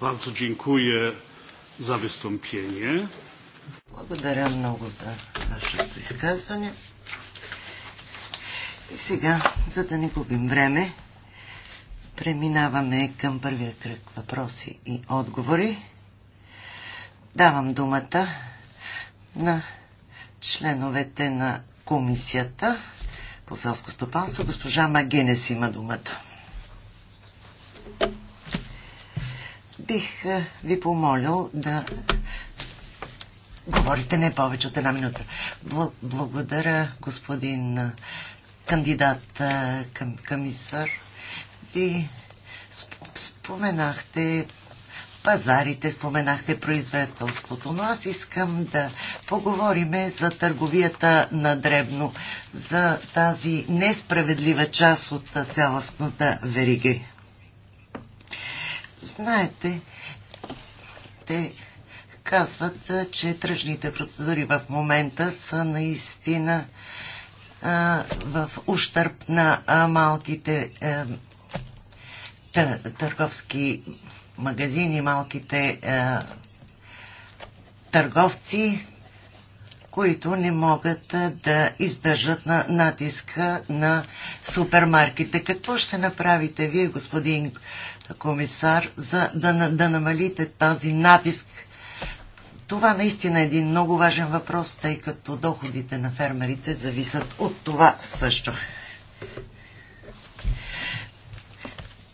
Bardzo dziękuję za wystąpienie. Благодаря много за вашето изказване. И сега, за да не губим време, преминаваме към първия кръг въпроси и отговори. Давам думата на членовете на комисията по селско стопанство. Госпожа Магенес има думата. бих е, ви помолил да говорите не повече от една минута. Благодаря, господин е, кандидат е, към комисар. Ви споменахте пазарите, споменахте производителството, но аз искам да поговориме за търговията на дребно, за тази несправедлива част от цялостната верига. Знаете, те казват, че тръжните процедури в момента са наистина а, в ущърп на а, малките а, търговски магазини, малките търговци, които не могат да издържат на натиска на супермарките. Какво ще направите вие, господин комисар, за да, да намалите този натиск? Това наистина е един много важен въпрос, тъй като доходите на фермерите зависят от това също.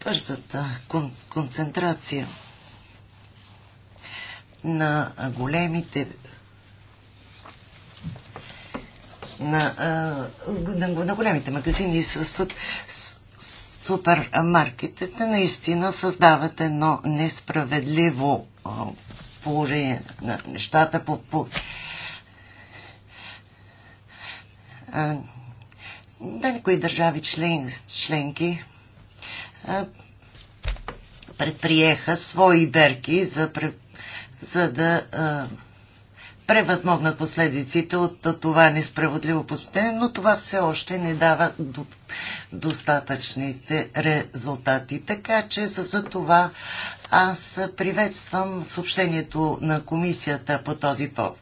Бързата кон концентрация на големите на, на, на големите магазини с, с супермаркетите наистина създават едно несправедливо положение на нещата по, по да някои държави член, членки предприеха свои берки за, за да а, превъзмогнат последиците от това несправедливо постъпление, но това все още не дава достатъчните резултати. Така че за това аз приветствам съобщението на комисията по този повод.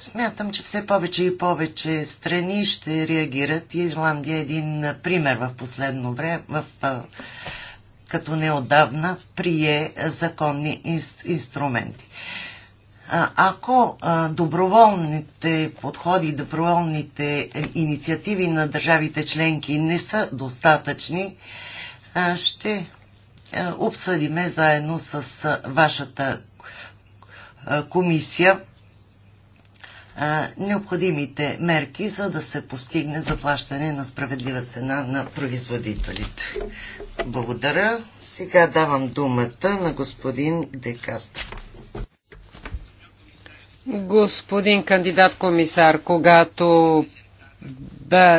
Смятам, че все повече и повече страни ще реагират. Ирландия е един пример в последно време, в, като неодавна прие законни инс, инструменти. Ако доброволните подходи, доброволните инициативи на държавите членки не са достатъчни, ще обсъдиме заедно с вашата комисия необходимите мерки, за да се постигне заплащане на справедлива цена на производителите. Благодаря. Сега давам думата на господин Декастро. Господин кандидат комисар, когато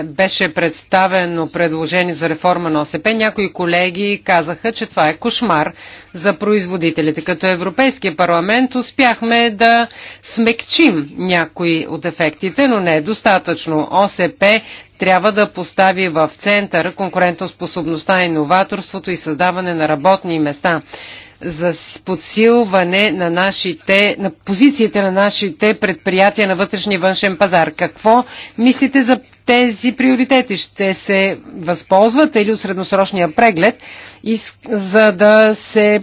беше представено предложение за реформа на ОСП, някои колеги казаха, че това е кошмар за производителите. Като Европейския парламент успяхме да смекчим някои от ефектите, но не е достатъчно. ОСП трябва да постави в център конкурентоспособността, иноваторството и създаване на работни места за подсилване на, нашите, на позициите на нашите предприятия на вътрешния външен пазар. Какво мислите за тези приоритети? Ще се възползвате или от средносрочния преглед, за да се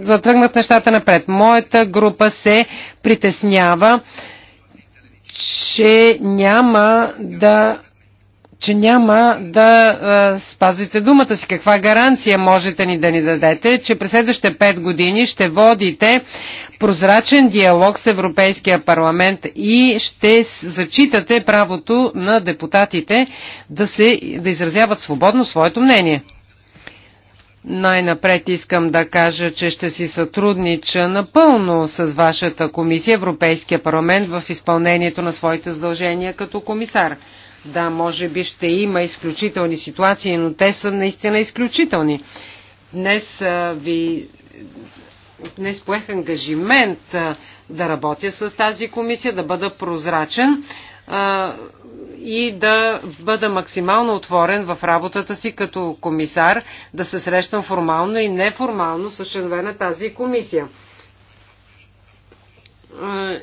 затръгнат нещата напред? Моята група се притеснява, че няма да че няма да а, спазите думата си. Каква гаранция можете ни да ни дадете, че през следващите пет години ще водите прозрачен диалог с Европейския парламент и ще зачитате правото на депутатите да, се, да изразяват свободно своето мнение? Най-напред искам да кажа, че ще си сътруднича напълно с вашата комисия, Европейския парламент, в изпълнението на своите задължения като комисар. Да, може би ще има изключителни ситуации, но те са наистина изключителни. Днес ви днес поех ангажимент да работя с тази комисия, да бъда прозрачен и да бъда максимално отворен в работата си като комисар, да се срещам формално и неформално с членове на тази комисия.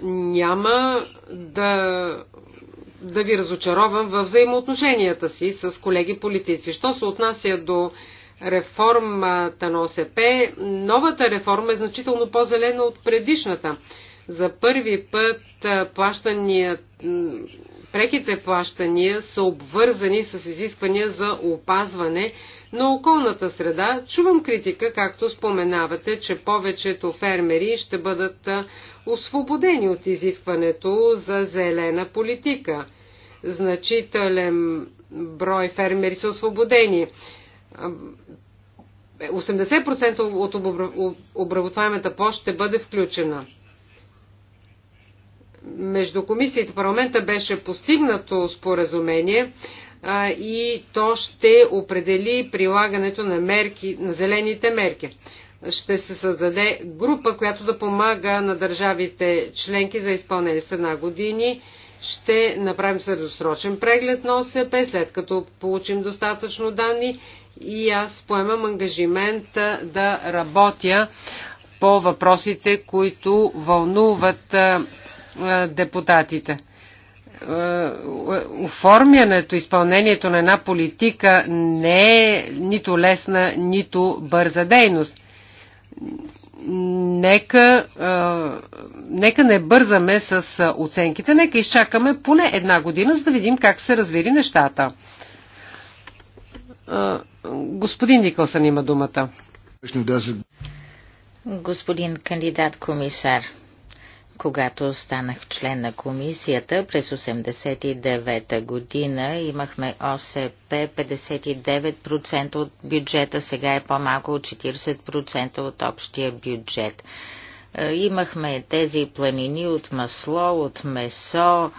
Няма да да ви разочаровам в взаимоотношенията си с колеги политици. Що се отнася до реформата на ОСП, новата реформа е значително по-зелена от предишната. За първи път плащаният преките плащания са обвързани с изисквания за опазване на околната среда. Чувам критика, както споменавате, че повечето фермери ще бъдат освободени от изискването за зелена политика. Значителен брой фермери са освободени. 80% от обработваемата площ ще бъде включена между комисията и парламента беше постигнато споразумение а, и то ще определи прилагането на, мерки, на зелените мерки. Ще се създаде група, която да помага на държавите членки за изпълнение с една години. Ще направим средосрочен преглед на ОСП, след като получим достатъчно данни и аз поемам ангажимент да работя по въпросите, които вълнуват е, депутатите. Е, оформянето, изпълнението на една политика не е нито лесна, нито бърза дейност. Нека, е, нека не бързаме с оценките, нека изчакаме поне една година, за да видим как се развили нещата. Господин Никълсън има думата. Господин кандидат комисар, когато станах член на комисията през 89-та година, имахме ОСП 59% от бюджета, сега е по-малко от 40% от общия бюджет. Е, имахме тези планини от масло, от месо,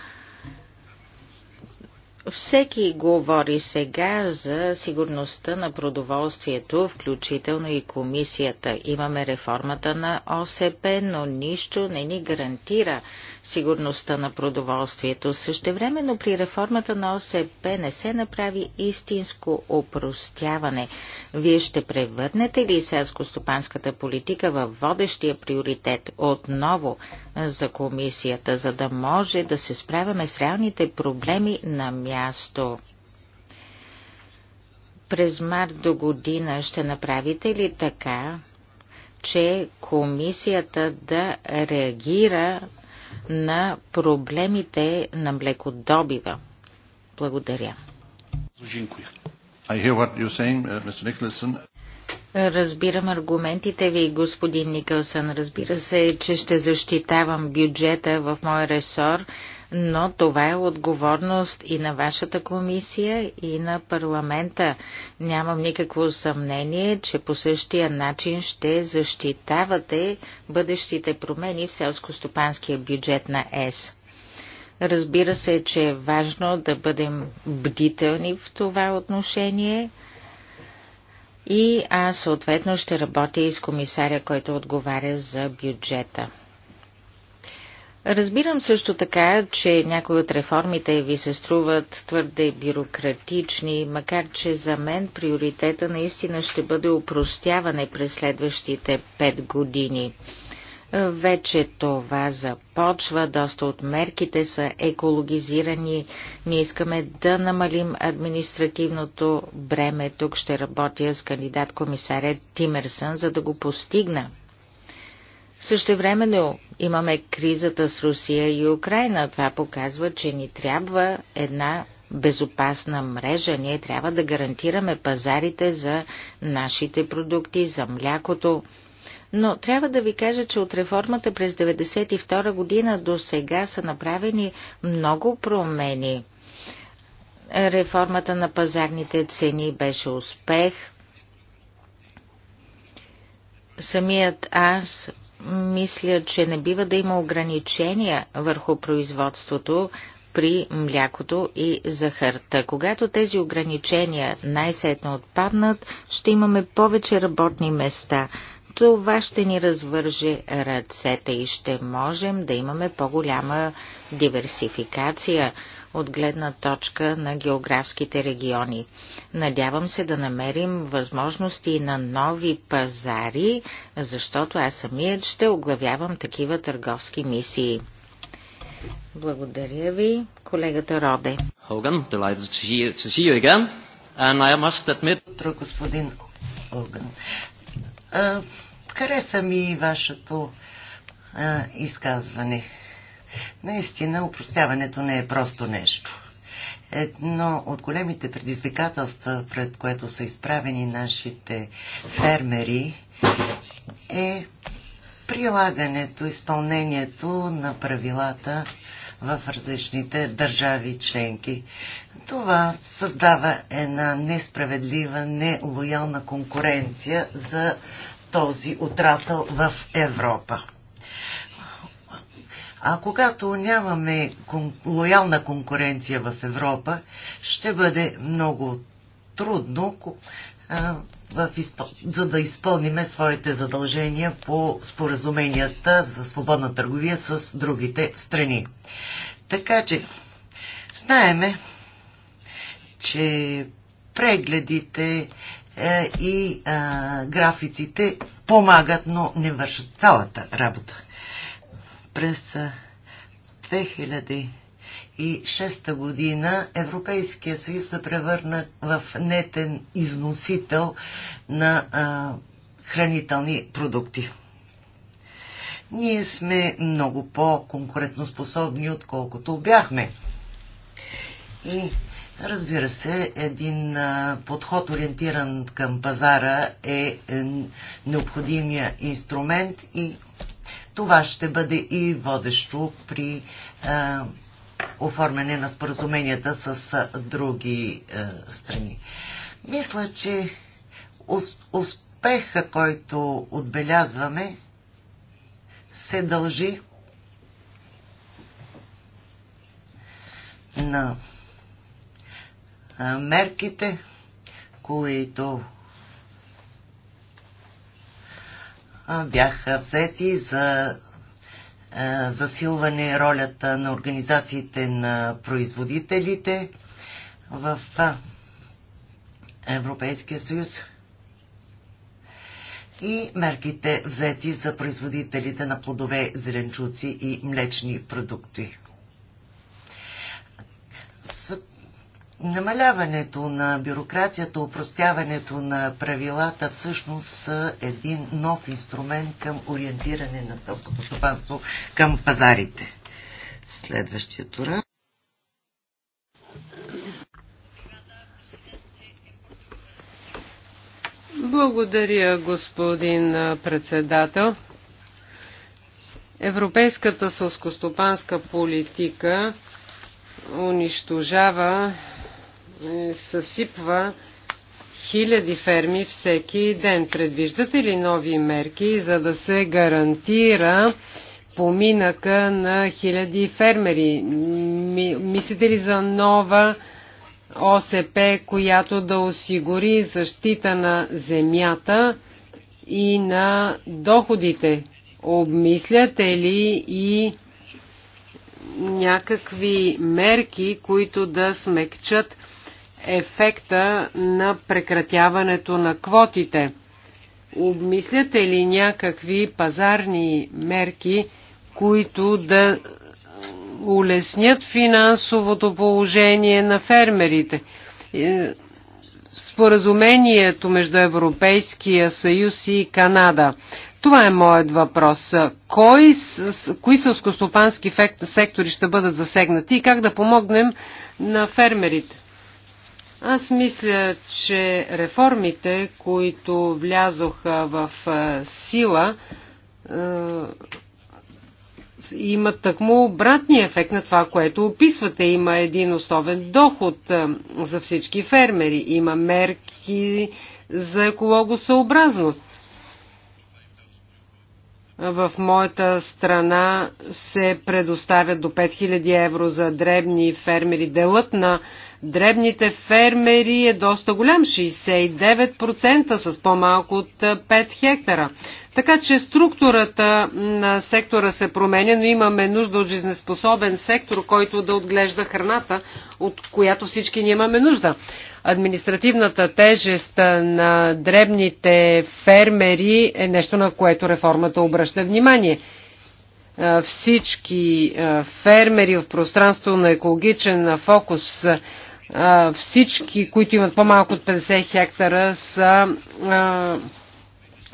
всеки говори сега за сигурността на продоволствието, включително и комисията. Имаме реформата на ОСП, но нищо не ни гарантира сигурността на продоволствието. Същевременно при реформата на ОСП не се направи истинско опростяване. Вие ще превърнете ли селско-стопанската политика в водещия приоритет отново за комисията, за да може да се справяме с реалните проблеми на място? През март до година ще направите ли така, че комисията да реагира на проблемите на млекодобива. Благодаря. Uh, Разбирам аргументите ви, господин Никълсън. Разбира се, че ще защитавам бюджета в моя ресор но това е отговорност и на вашата комисия, и на парламента. Нямам никакво съмнение, че по същия начин ще защитавате бъдещите промени в селско-стопанския бюджет на ЕС. Разбира се, че е важно да бъдем бдителни в това отношение и аз съответно ще работя и с комисаря, който отговаря за бюджета. Разбирам също така, че някои от реформите ви се струват твърде бюрократични, макар че за мен приоритета наистина ще бъде упростяване през следващите пет години. Вече това започва, доста от мерките са екологизирани, ние искаме да намалим административното бреме. Тук ще работя с кандидат комисаря Тимерсън, за да го постигна. Същевременно имаме кризата с Русия и Украина. Това показва, че ни трябва една безопасна мрежа. Ние трябва да гарантираме пазарите за нашите продукти, за млякото. Но трябва да ви кажа, че от реформата през 1992 година до сега са направени много промени. Реформата на пазарните цени беше успех. Самият аз мисля, че не бива да има ограничения върху производството при млякото и захарта. Когато тези ограничения най-сетно отпаднат, ще имаме повече работни места. Това ще ни развърже ръцете и ще можем да имаме по-голяма диверсификация от гледна точка на географските региони. Надявам се да намерим възможности на нови пазари, защото аз самият ще оглавявам такива търговски мисии. Благодаря ви, колегата Роде. Хоган, Утро, господин Хоган. Хареса ми вашето а, изказване. Наистина, упростяването не е просто нещо. Едно от големите предизвикателства, пред което са изправени нашите фермери, е прилагането, изпълнението на правилата в различните държави членки. Това създава една несправедлива, нелоялна конкуренция за този отрасъл в Европа. А когато нямаме лоялна конкуренция в Европа, ще бъде много трудно за да изпълниме своите задължения по споразуменията за свободна търговия с другите страни. Така че, знаеме, че прегледите е, и графиците помагат, но не вършат цялата работа. През 2006 година Европейския съюз се превърна в нетен износител на а, хранителни продукти. Ние сме много по-конкурентоспособни, отколкото бяхме. И разбира се, един подход ориентиран към пазара е, е необходимия инструмент и това ще бъде и водещо при е, оформяне на споразуменията с други е, страни. Мисля, че успеха, който отбелязваме, се дължи на мерките, които бяха взети за засилване ролята на организациите на производителите в Европейския съюз и мерките взети за производителите на плодове, зеленчуци и млечни продукти. Намаляването на бюрокрацията, упростяването на правилата всъщност са един нов инструмент към ориентиране на селското стопанство към пазарите. Следващия тура. Благодаря, господин председател. Европейската сълскостопанска политика унищожава съсипва хиляди ферми всеки ден. Предвиждате ли нови мерки, за да се гарантира поминъка на хиляди фермери? Мислите ли за нова ОСП, която да осигури защита на земята и на доходите? Обмисляте ли и някакви мерки, които да смекчат ефекта на прекратяването на квотите? Обмисляте ли някакви пазарни мерки, които да улеснят финансовото положение на фермерите? Е, споразумението между Европейския съюз и Канада. Това е моят въпрос. Кой, кои сълскостопански сектори ще бъдат засегнати и как да помогнем на фермерите? Аз мисля, че реформите, които влязоха в сила, имат такмо обратния ефект на това, което описвате. Има един основен доход за всички фермери. Има мерки за екологосъобразност. В моята страна се предоставят до 5000 евро за дребни фермери. Делът на дребните фермери е доста голям, 69% с по-малко от 5 хектара. Така че структурата на сектора се променя, но имаме нужда от жизнеспособен сектор, който да отглежда храната, от която всички ние имаме нужда. Административната тежест на дребните фермери е нещо, на което реформата обръща внимание всички фермери в пространство на екологичен фокус всички, които имат по-малко от 50 хектара, са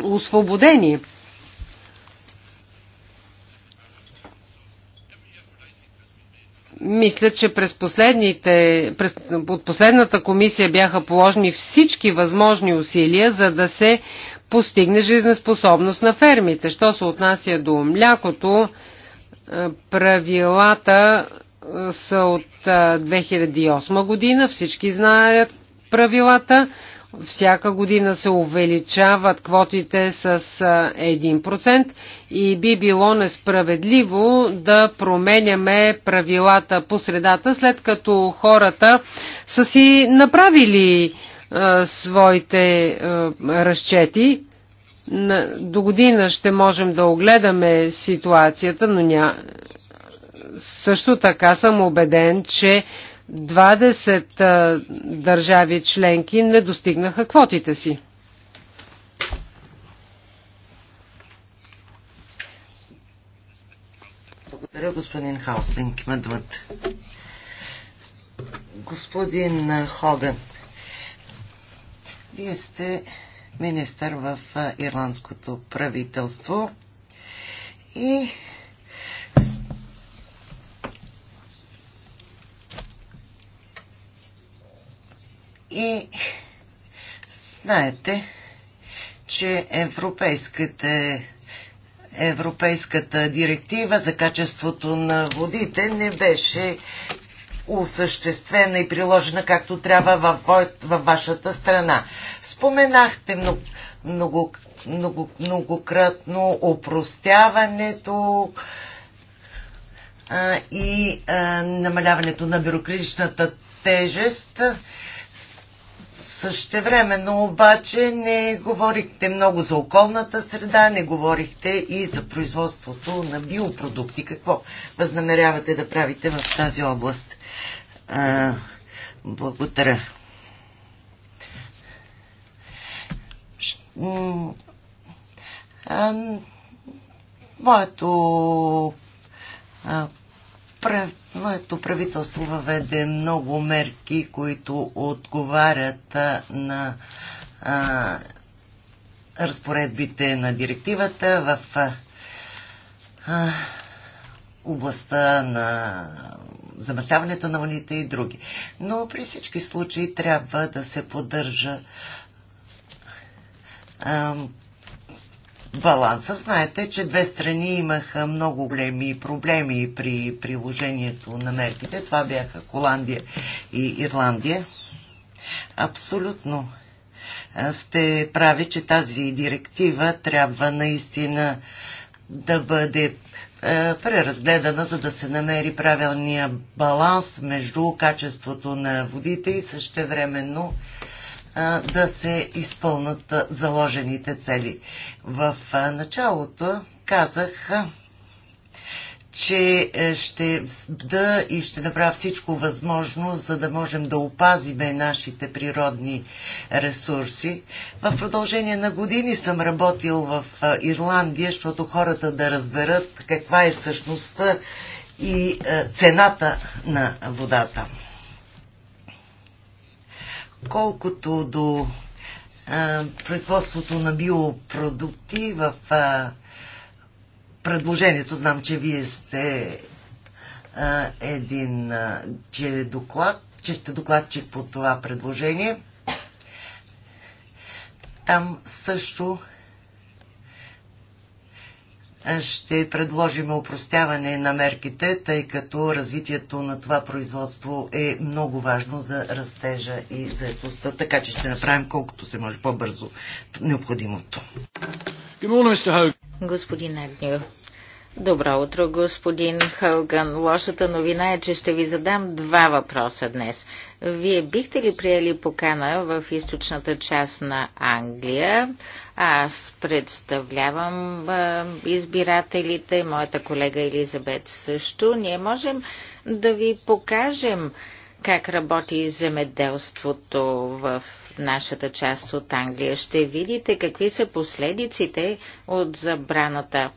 освободени. Мисля, че през последните, през, от последната комисия бяха положени всички възможни усилия, за да се постигне жизнеспособност на фермите. Що се отнася до млякото, правилата са от 2008 година. Всички знаят правилата. Всяка година се увеличават квотите с 1% и би било несправедливо да променяме правилата по средата, след като хората са си направили а, своите а, разчети. До година ще можем да огледаме ситуацията, но ня... Също така съм убеден, че 20 държави членки не достигнаха квотите си. Благодаря, господин Хаусинг. Има думата. Господин Хоган, вие сте министър в ирландското правителство и И знаете, че европейската, Европейската директива за качеството на водите не беше осъществена и приложена както трябва във, вашата страна. Споменахте много, много, многократно опростяването а, и а, намаляването на бюрократичната тежест време, но обаче не говорихте много за околната среда, не говорихте и за производството на биопродукти. Какво възнамерявате да правите в тази област? А, благодаря. А, моето а, Моето правителство въведе много мерки, които отговарят на а, разпоредбите на директивата в а, областта на замърсяването на вълните и други. Но при всички случаи трябва да се поддържа баланса. Знаете, че две страни имаха много големи проблеми при приложението на мерките. Това бяха Холандия и Ирландия. Абсолютно сте прави, че тази директива трябва наистина да бъде преразгледана, за да се намери правилния баланс между качеството на водите и същевременно времено да се изпълнат заложените цели. В началото казах, че е, ще да и ще направя всичко възможно, за да можем да опазиме нашите природни ресурси. В продължение на години съм работил в Ирландия, защото хората да разберат каква е същността и е, цената на водата. Колкото до а, производството на биопродукти в а, предложението, знам, че вие сте а, един, а, че е доклад, че сте докладчик по това предложение. Там също ще предложим упростяване на мерките, тъй като развитието на това производство е много важно за растежа и заедността, така че ще направим колкото се може по-бързо необходимото. Господин Агнио, Добро утро, господин Хълган. Лошата новина е, че ще ви задам два въпроса днес. Вие бихте ли приели покана в източната част на Англия? Аз представлявам а, избирателите, моята колега Елизабет също. Ние можем да ви покажем как работи земеделството в нашата част от Англия. Ще видите какви са последиците от забраната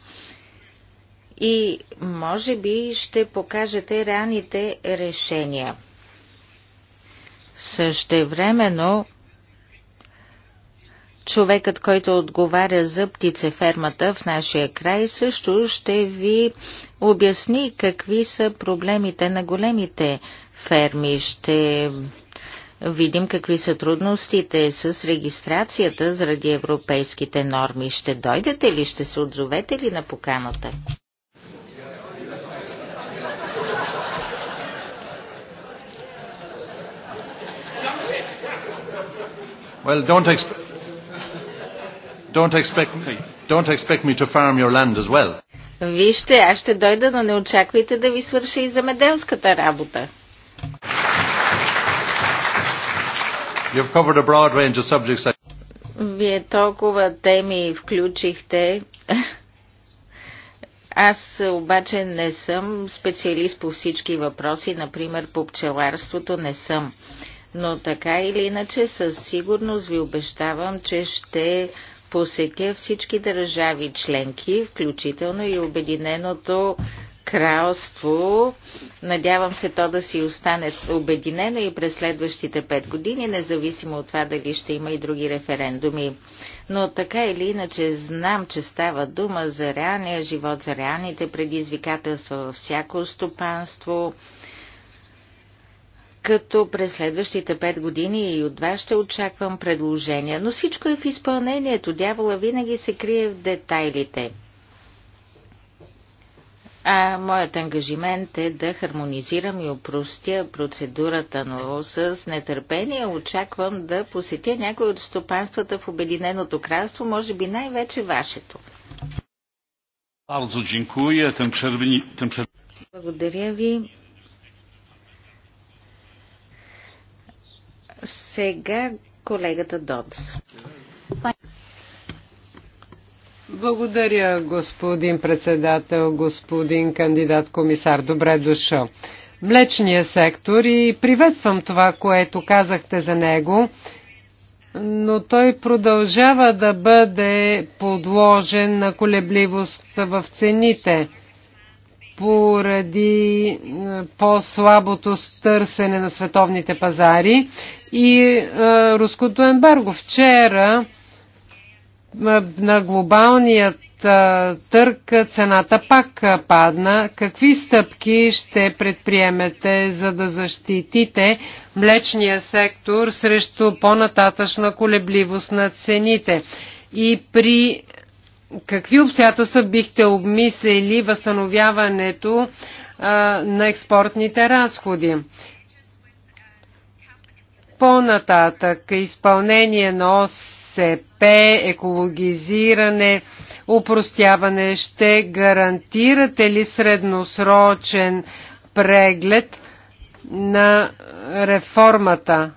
и може би ще покажете раните решения. Същевременно, човекът, който отговаря за птицефермата в нашия край, също ще ви обясни какви са проблемите на големите ферми. Ще видим какви са трудностите с регистрацията заради европейските норми. Ще дойдете ли, ще се отзовете ли на поканата? Well, don't, expect, don't, expect me, don't expect me to farm your land as well. Вижте, аз ще дойда, но не очаквайте да ви свърша и замеделската работа. You've covered a broad range of subjects. I... Вие толкова теми включихте. Аз обаче не съм специалист по всички въпроси, например по пчеларството не съм но така или иначе със сигурност ви обещавам, че ще посетя всички държави членки, включително и Обединеното кралство. Надявам се то да си остане обединено и през следващите пет години, независимо от това дали ще има и други референдуми. Но така или иначе знам, че става дума за реалния живот, за реалните предизвикателства във всяко стопанство като през следващите пет години и от вас ще очаквам предложения, но всичко е в изпълнението. Дявола винаги се крие в детайлите. А моят ангажимент е да хармонизирам и опростя процедурата, но с нетърпение очаквам да посетя някои от стопанствата в Обединеното кралство, може би най-вече вашето. Благодаря ви. Сега колегата Додс. Благодаря, господин председател, господин кандидат комисар. Добре дошъл. Млечния сектор и приветствам това, което казахте за него, но той продължава да бъде подложен на колебливост в цените поради е, по-слабото търсене на световните пазари и а, е, руското ембарго. Вчера е, на глобалният търк цената пак падна. Какви стъпки ще предприемете, за да защитите млечния сектор срещу по-нататъчна колебливост на цените? И при какви обстоятелства бихте обмислили възстановяването а, на експортните разходи? По-нататък изпълнение на ОСП, екологизиране, упростяване, ще гарантирате ли средносрочен преглед на реформата?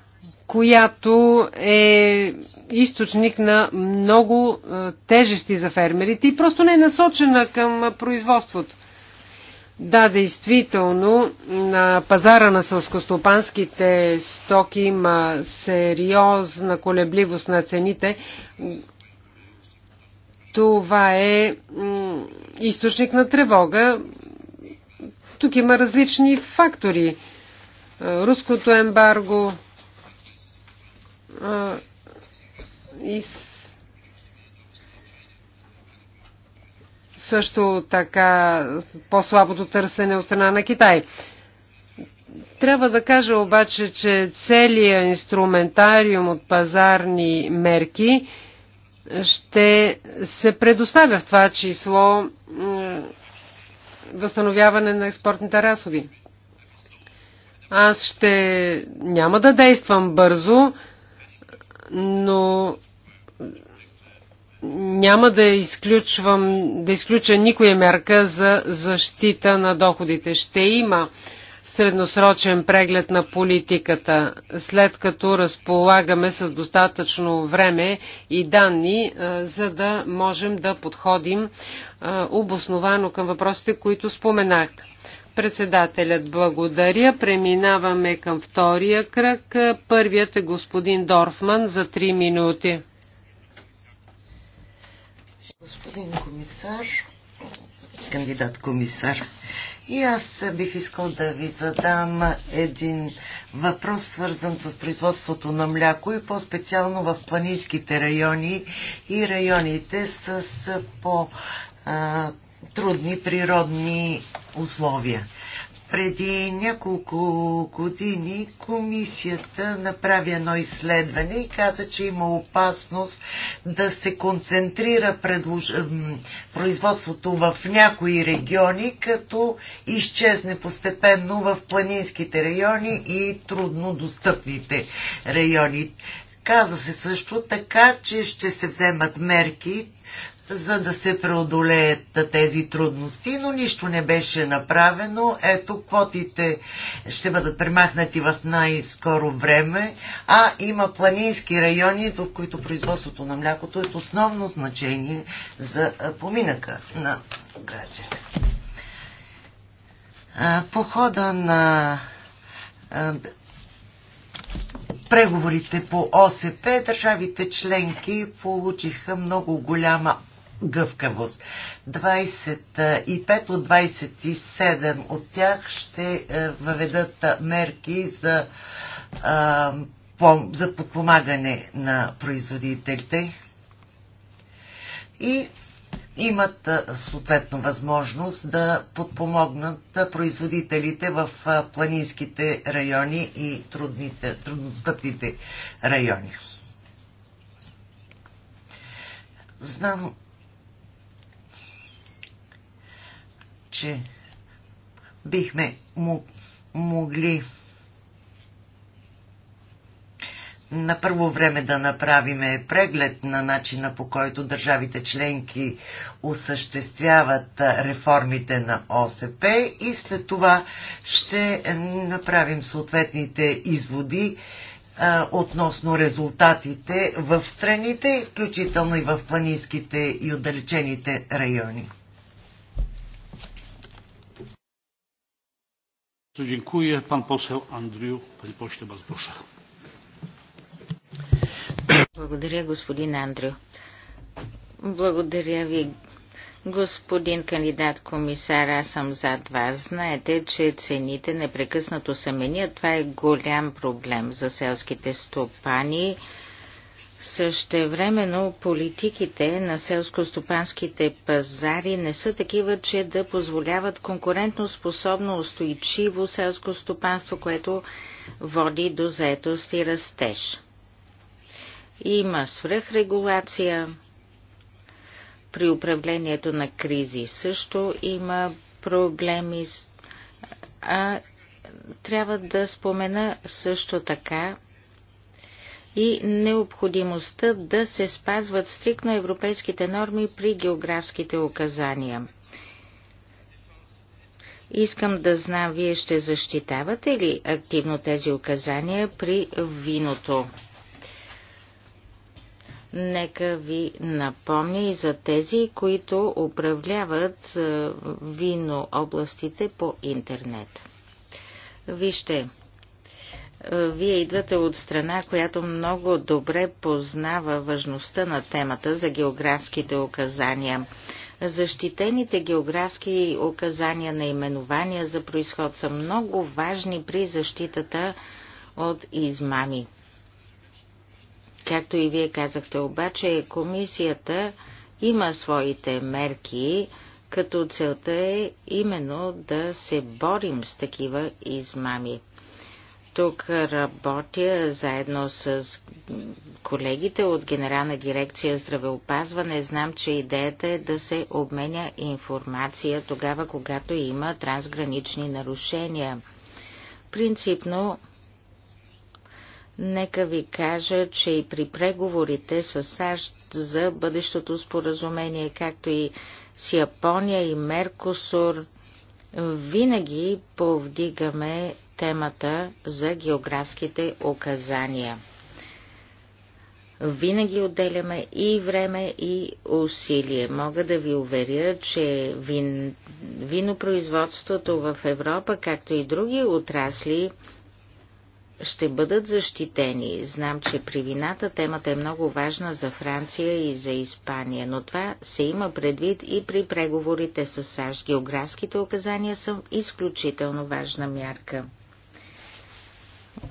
която е източник на много е, тежести за фермерите и просто не е насочена към производството. Да, действително, на пазара на сълскостопанските стоки има сериозна колебливост на цените. Това е източник на тревога. Тук има различни фактори. Е, руското ембарго, и също така по-слабото търсене от страна на Китай. Трябва да кажа обаче, че целият инструментариум от пазарни мерки ще се предоставя в това число възстановяване на експортните разходи. Аз ще няма да действам бързо, но няма да, изключвам, да изключа никоя мерка за защита на доходите. Ще има средносрочен преглед на политиката, след като разполагаме с достатъчно време и данни, за да можем да подходим обосновано към въпросите, които споменахте. Председателят благодаря. Преминаваме към втория кръг. Първият е господин Дорфман за 3 минути. Господин комисар, кандидат комисар, и аз бих искал да ви задам един въпрос, свързан с производството на мляко и по-специално в планинските райони и районите с по трудни природни условия. Преди няколко години комисията направи едно изследване и каза, че има опасност да се концентрира предлож... производството в някои региони, като изчезне постепенно в планинските райони и труднодостъпните райони. Каза се също така, че ще се вземат мерки за да се преодолеят тези трудности, но нищо не беше направено. Ето, квотите ще бъдат премахнати в най-скоро време, а има планински райони, в които производството на млякото е от основно значение за поминъка на гражданите. По хода на преговорите по ОСП държавите членки получиха много голяма гъвкавост. 25 от 27 от тях ще е, въведат мерки за, за подпомагане на производителите и имат съответно възможност да подпомогнат производителите в планинските райони и трудните, трудностъпните райони. Знам, че бихме му, могли на първо време да направиме преглед на начина по който държавите членки осъществяват реформите на ОСП и след това ще направим съответните изводи а, относно резултатите в страните, включително и в планинските и отдалечените райони. Dziękuję. Pan poseł Андрю, panie pośle, bardzo proszę. Благодаря, господин Андрю. Благодаря ви, господин кандидат комисар. Аз съм зад вас. Знаете, че цените непрекъснато се менят. Това е голям проблем за селските стопани. Същевременно политиките на селско-стопанските пазари не са такива, че да позволяват конкурентно способно устойчиво селско стопанство, което води до заетост и растеж. Има свръхрегулация, при управлението на кризи също има проблеми, а трябва да спомена също така и необходимостта да се спазват стрикно европейските норми при географските указания. Искам да знам, вие ще защитавате ли активно тези указания при виното? Нека ви напомня и за тези, които управляват е, вино областите по интернет. Вижте, е, вие идвате от страна, която много добре познава важността на темата за географските указания. Защитените географски указания на именования за происход са много важни при защитата от измами. Както и вие казахте обаче, комисията има своите мерки, като целта е именно да се борим с такива измами. Тук работя заедно с колегите от Генерална дирекция здравеопазване. Знам, че идеята е да се обменя информация тогава, когато има трансгранични нарушения. Принципно, нека ви кажа, че и при преговорите с САЩ за бъдещото споразумение, както и с Япония и Меркосур, винаги повдигаме темата за географските указания. Винаги отделяме и време, и усилие. Мога да ви уверя, че вин... винопроизводството в Европа, както и други отрасли, ще бъдат защитени. Знам, че при вината темата е много важна за Франция и за Испания, но това се има предвид и при преговорите с САЩ. Географските указания са изключително важна мярка.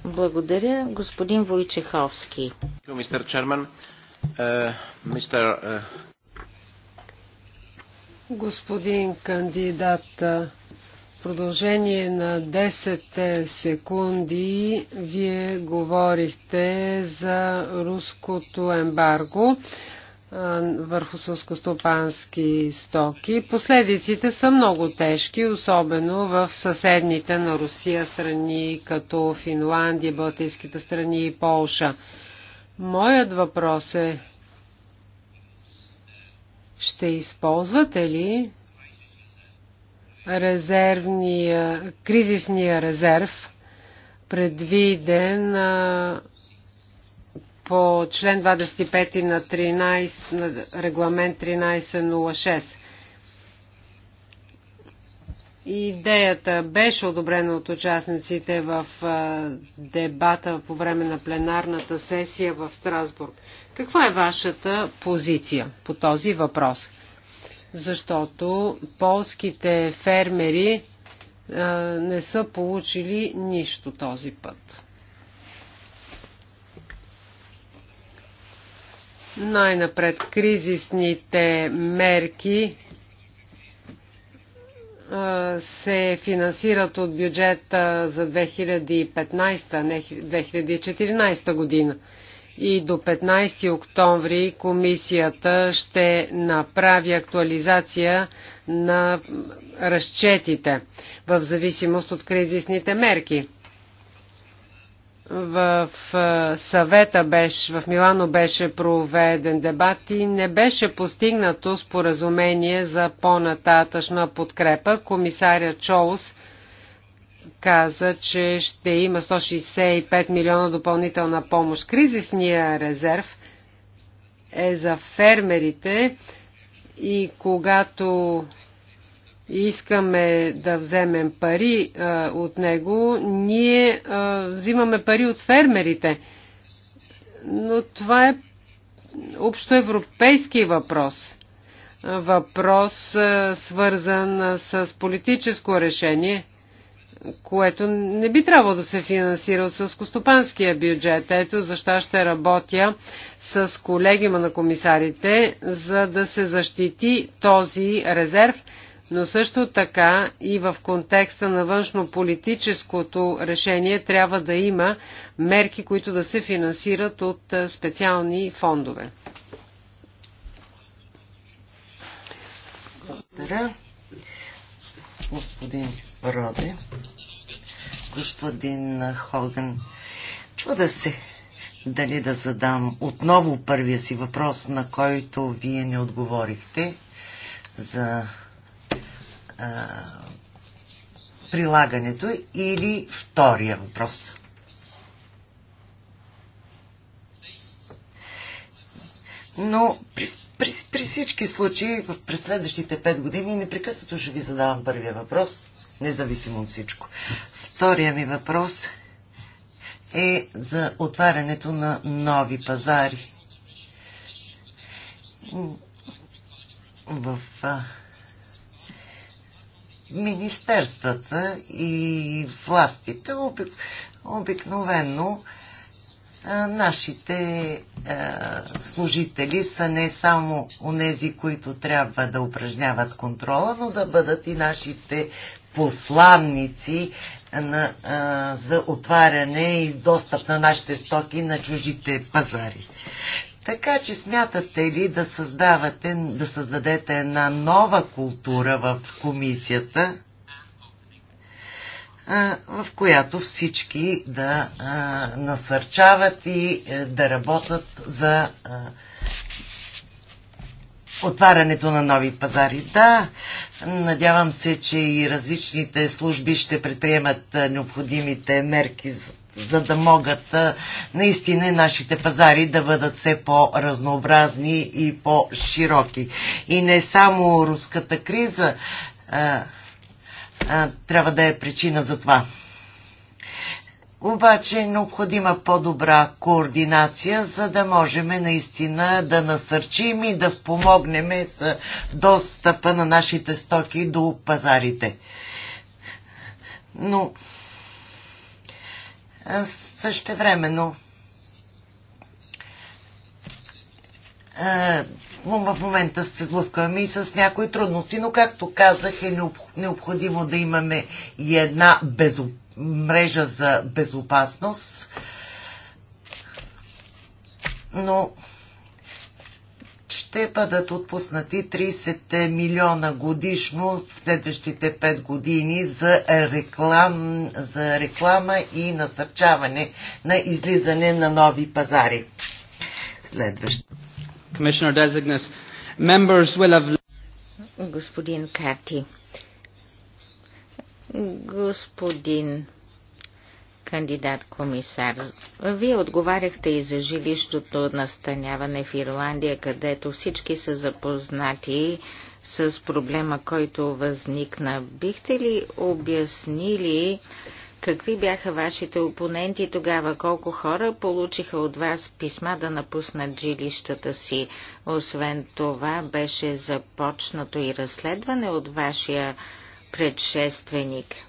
Благодаря. Господин Войчеховски. Е, е. Господин кандидат, е, продължение на 10 секунди вие говорихте за руското ембарго върху сълскостопански стоки. Последиците са много тежки, особено в съседните на Русия страни, като Финландия, Балтийските страни и Полша. Моят въпрос е, ще използвате ли резервния, кризисния резерв, предвиден а, по член 25 на, 13, на регламент 1306. Идеята беше одобрена от участниците в дебата по време на пленарната сесия в Страсбург. Каква е вашата позиция по този въпрос? Защото полските фермери не са получили нищо този път. Най-напред кризисните мерки се финансират от бюджета за 2015, не 2014 година. И до 15 октомври комисията ще направи актуализация на разчетите в зависимост от кризисните мерки в съвета беше, в Милано беше проведен дебат и не беше постигнато споразумение за по-нататъчна подкрепа. Комисаря Чоус каза, че ще има 165 милиона допълнителна помощ. Кризисния резерв е за фермерите и когато искаме да вземем пари а, от него, ние а, взимаме пари от фермерите. Но това е общоевропейски въпрос. Въпрос а, свързан с политическо решение, което не би трябвало да се финансира от сълскостопанския бюджет. Ето защо ще работя с колегима на комисарите, за да се защити този резерв – но също така и в контекста на външнополитическото решение трябва да има мерки, които да се финансират от специални фондове. Благодаря, господин Роде, господин Хоган. Чуда се дали да задам отново първия си въпрос, на който вие не отговорихте за а, прилагането или втория въпрос? Но при, при, при всички случаи, през следващите 5 години, непрекъснато ще ви задавам първия въпрос, независимо от всичко. Втория ми въпрос е за отварянето на нови пазари в а, министерствата и властите обик, обикновено нашите служители са не само онези, които трябва да упражняват контрола, но да бъдат и нашите посланници на, а, за отваряне и достъп на нашите стоки на чужите пазари. Така че смятате ли да създавате, да създадете една нова култура в комисията, в която всички да насърчават и е, да работят за отварянето на нови пазари. Да, надявам се, че и различните служби ще предприемат необходимите мерки за да могат наистина нашите пазари да бъдат все по-разнообразни и по-широки. И не само руската криза а, а, трябва да е причина за това. Обаче е необходима по-добра координация, за да можем наистина да насърчим и да помогнем с достъпа на нашите стоки до пазарите. Но е, времено. Е, в момента се сблъскваме и с някои трудности, но както казах е необходимо да имаме и една безо... мрежа за безопасност. Но ще бъдат отпуснати 30 милиона годишно в следващите 5 години за, реклам, за реклама и насърчаване на излизане на нови пазари. Следващо. Господин Карти, господин кандидат-комисар. Вие отговаряхте и за жилищото настаняване в Ирландия, където всички са запознати с проблема, който възникна. Бихте ли обяснили какви бяха вашите опоненти тогава? Колко хора получиха от вас писма да напуснат жилищата си? Освен това, беше започнато и разследване от вашия предшественик –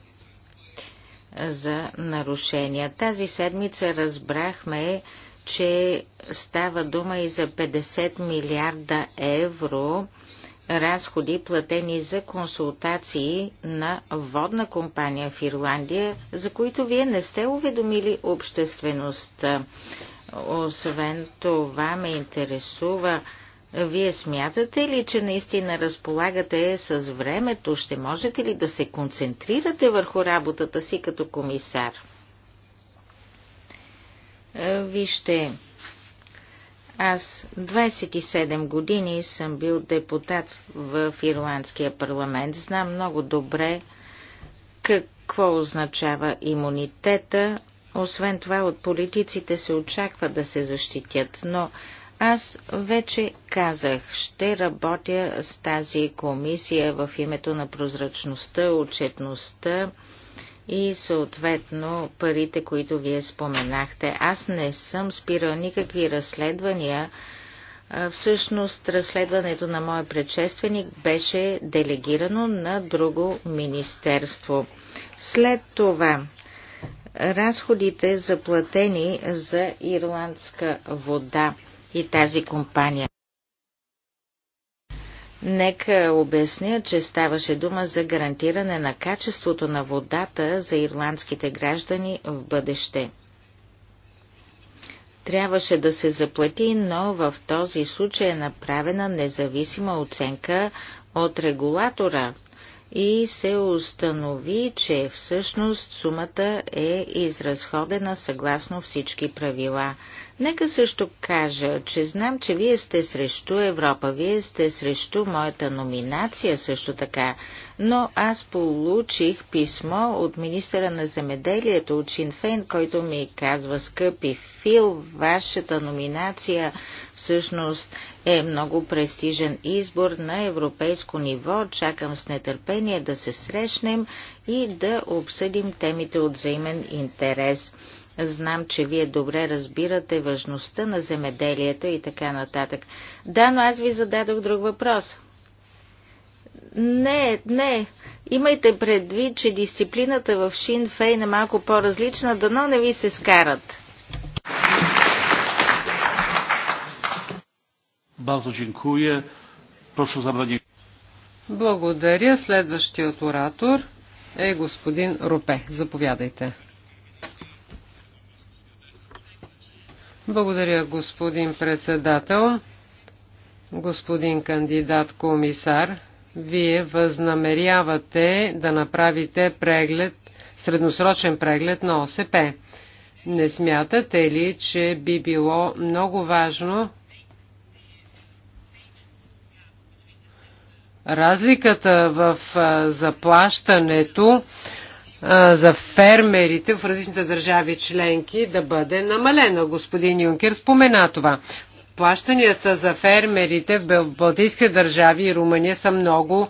за нарушения. Тази седмица разбрахме, че става дума и за 50 милиарда евро разходи, платени за консултации на водна компания в Ирландия, за които вие не сте уведомили обществеността. Освен това ме интересува вие смятате ли, че наистина разполагате с времето? Ще можете ли да се концентрирате върху работата си като комисар? Е, вижте, аз 27 години съм бил депутат в Ирландския парламент. Знам много добре какво означава имунитета. Освен това, от политиците се очаква да се защитят, но аз вече казах, ще работя с тази комисия в името на прозрачността, отчетността и съответно парите, които вие споменахте. Аз не съм спирал никакви разследвания. Всъщност разследването на моя предшественик беше делегирано на друго министерство. След това разходите заплатени за ирландска вода – и тази компания. Нека обясня, че ставаше дума за гарантиране на качеството на водата за ирландските граждани в бъдеще. Трябваше да се заплати, но в този случай е направена независима оценка от регулатора и се установи, че всъщност сумата е изразходена съгласно всички правила. Нека също кажа, че знам, че вие сте срещу Европа, вие сте срещу моята номинация също така, но аз получих писмо от министъра на земеделието от Шинфейн, който ми казва, скъпи Фил, вашата номинация всъщност е много престижен избор на европейско ниво. Чакам с нетърпение да се срещнем и да обсъдим темите от взаимен интерес. Знам, че вие добре разбирате важността на земеделието и така нататък. Да, но аз ви зададох друг въпрос. Не, не. Имайте предвид, че дисциплината в Шин Фейн е малко по-различна, дано не ви се скарат. Благодаря. Следващият оратор е господин Рупе. Заповядайте. Благодаря, господин председател. Господин кандидат комисар, вие възнамерявате да направите преглед, средносрочен преглед на ОСП. Не смятате ли, че би било много важно разликата в заплащането за фермерите в различните държави членки да бъде намалена. Господин Юнкер спомена това. Плащанията за фермерите в Балтийските държави и Румъния са много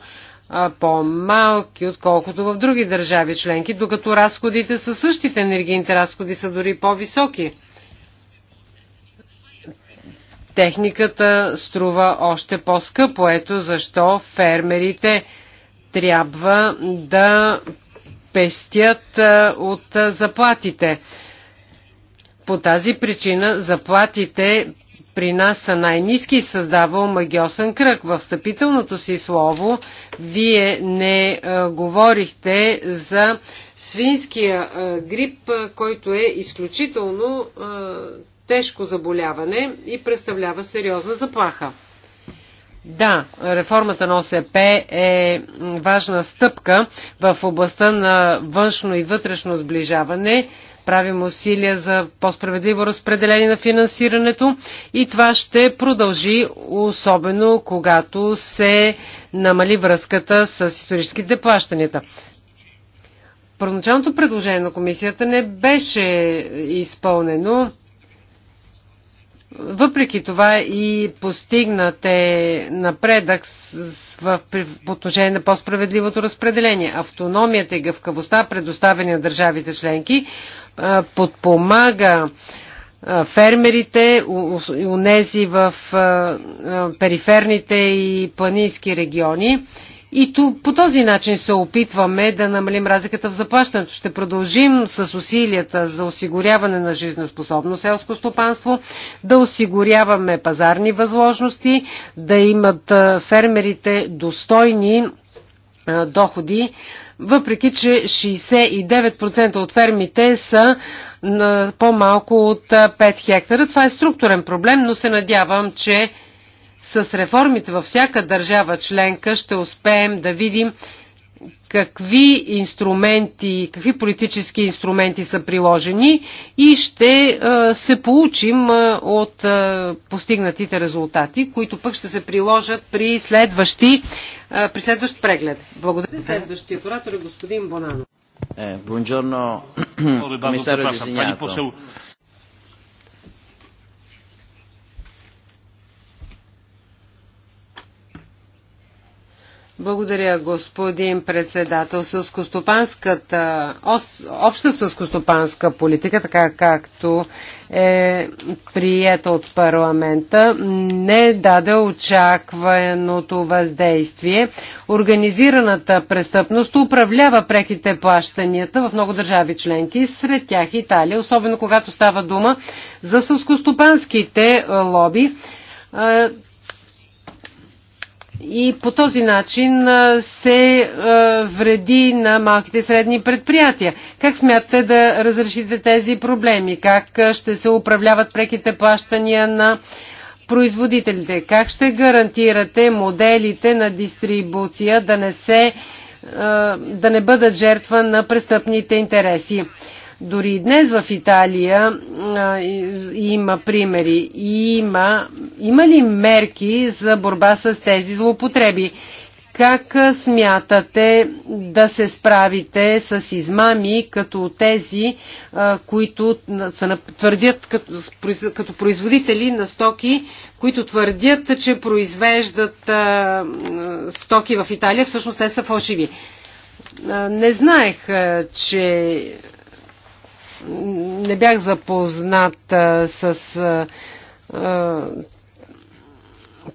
по-малки, отколкото в други държави членки, докато разходите са същите, енергийните разходи са дори по-високи. Техниката струва още по-скъпо, ето защо фермерите трябва да пестят от заплатите. По тази причина заплатите при нас са най-низки и създава магиосен кръг. В стъпителното си слово вие не а, говорихте за свинския а, грип, а, който е изключително а, тежко заболяване и представлява сериозна заплаха. Да, реформата на ОСП е важна стъпка в областта на външно и вътрешно сближаване. Правим усилия за по-справедливо разпределение на финансирането и това ще продължи, особено когато се намали връзката с историческите плащанията. Първоначалното предложение на комисията не беше изпълнено въпреки това и постигнате напредък в, по отношение на по-справедливото разпределение. Автономията и гъвкавостта, предоставени на държавите членки, подпомага фермерите, унези в периферните и планински региони и ту, по този начин се опитваме да намалим разликата в заплащането. Ще продължим с усилията за осигуряване на жизнеспособно селско стопанство, да осигуряваме пазарни възможности, да имат фермерите достойни доходи, въпреки че 69% от фермите са на по-малко от 5 хектара. Това е структурен проблем, но се надявам, че с реформите във всяка държава членка ще успеем да видим какви инструменти, какви политически инструменти са приложени и ще се получим от постигнатите резултати, които пък ще се приложат при, следващи, при следващ преглед. Благодаря. Следващия оратор е господин Бонано. Buongiorno, commissario designato. Благодаря, господин председател. Сълскостопанската, обща сълскостопанска политика, така както е приета от парламента, не даде очакваното въздействие. Организираната престъпност управлява преките плащанията в много държави членки, сред тях Италия, особено когато става дума за сълскостопанските лоби и по този начин се вреди на малките и средни предприятия. Как смятате да разрешите тези проблеми? Как ще се управляват преките плащания на производителите? Как ще гарантирате моделите на дистрибуция да не, се, да не бъдат жертва на престъпните интереси? Дори и днес в Италия а, има примери. Има, има ли мерки за борба с тези злоупотреби? Как смятате да се справите с измами като тези, а, които са, твърдят като, като производители на стоки, които твърдят, че произвеждат а, стоки в Италия, всъщност те са фалшиви? не знаех, че не бях запознат а, с а, а,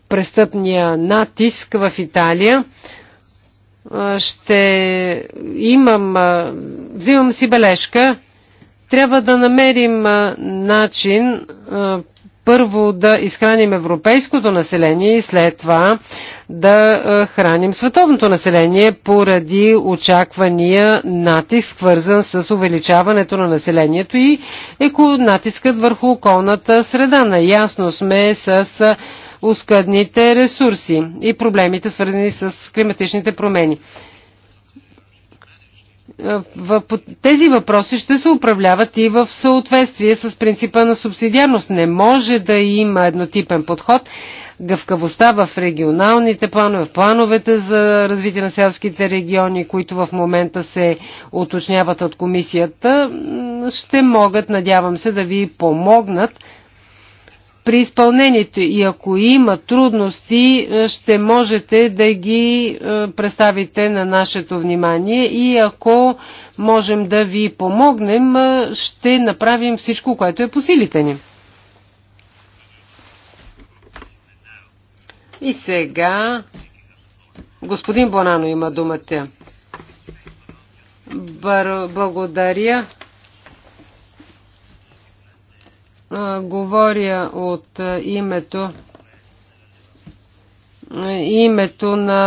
престъпния натиск в Италия. А, ще имам, а, взимам си бележка. Трябва да намерим а, начин а, първо да изхраним европейското население и след това да е, храним световното население поради очаквания натиск, свързан с увеличаването на населението и еко натискът върху околната среда. Наясно сме с оскъдните е, ресурси и проблемите, свързани с климатичните промени е, тези въпроси ще се управляват и в съответствие с принципа на субсидиарност. Не може да има еднотипен подход, гъвкавостта в регионалните планове, в плановете за развитие на селските региони, които в момента се уточняват от комисията, ще могат, надявам се, да ви помогнат при изпълнението и ако има трудности, е, ще можете да ги е, представите на нашето внимание и ако можем да ви помогнем, е, ще направим всичко, което е по силите ни. И сега господин Бонано има думата. Бър, благодаря. А, говоря от а, името името на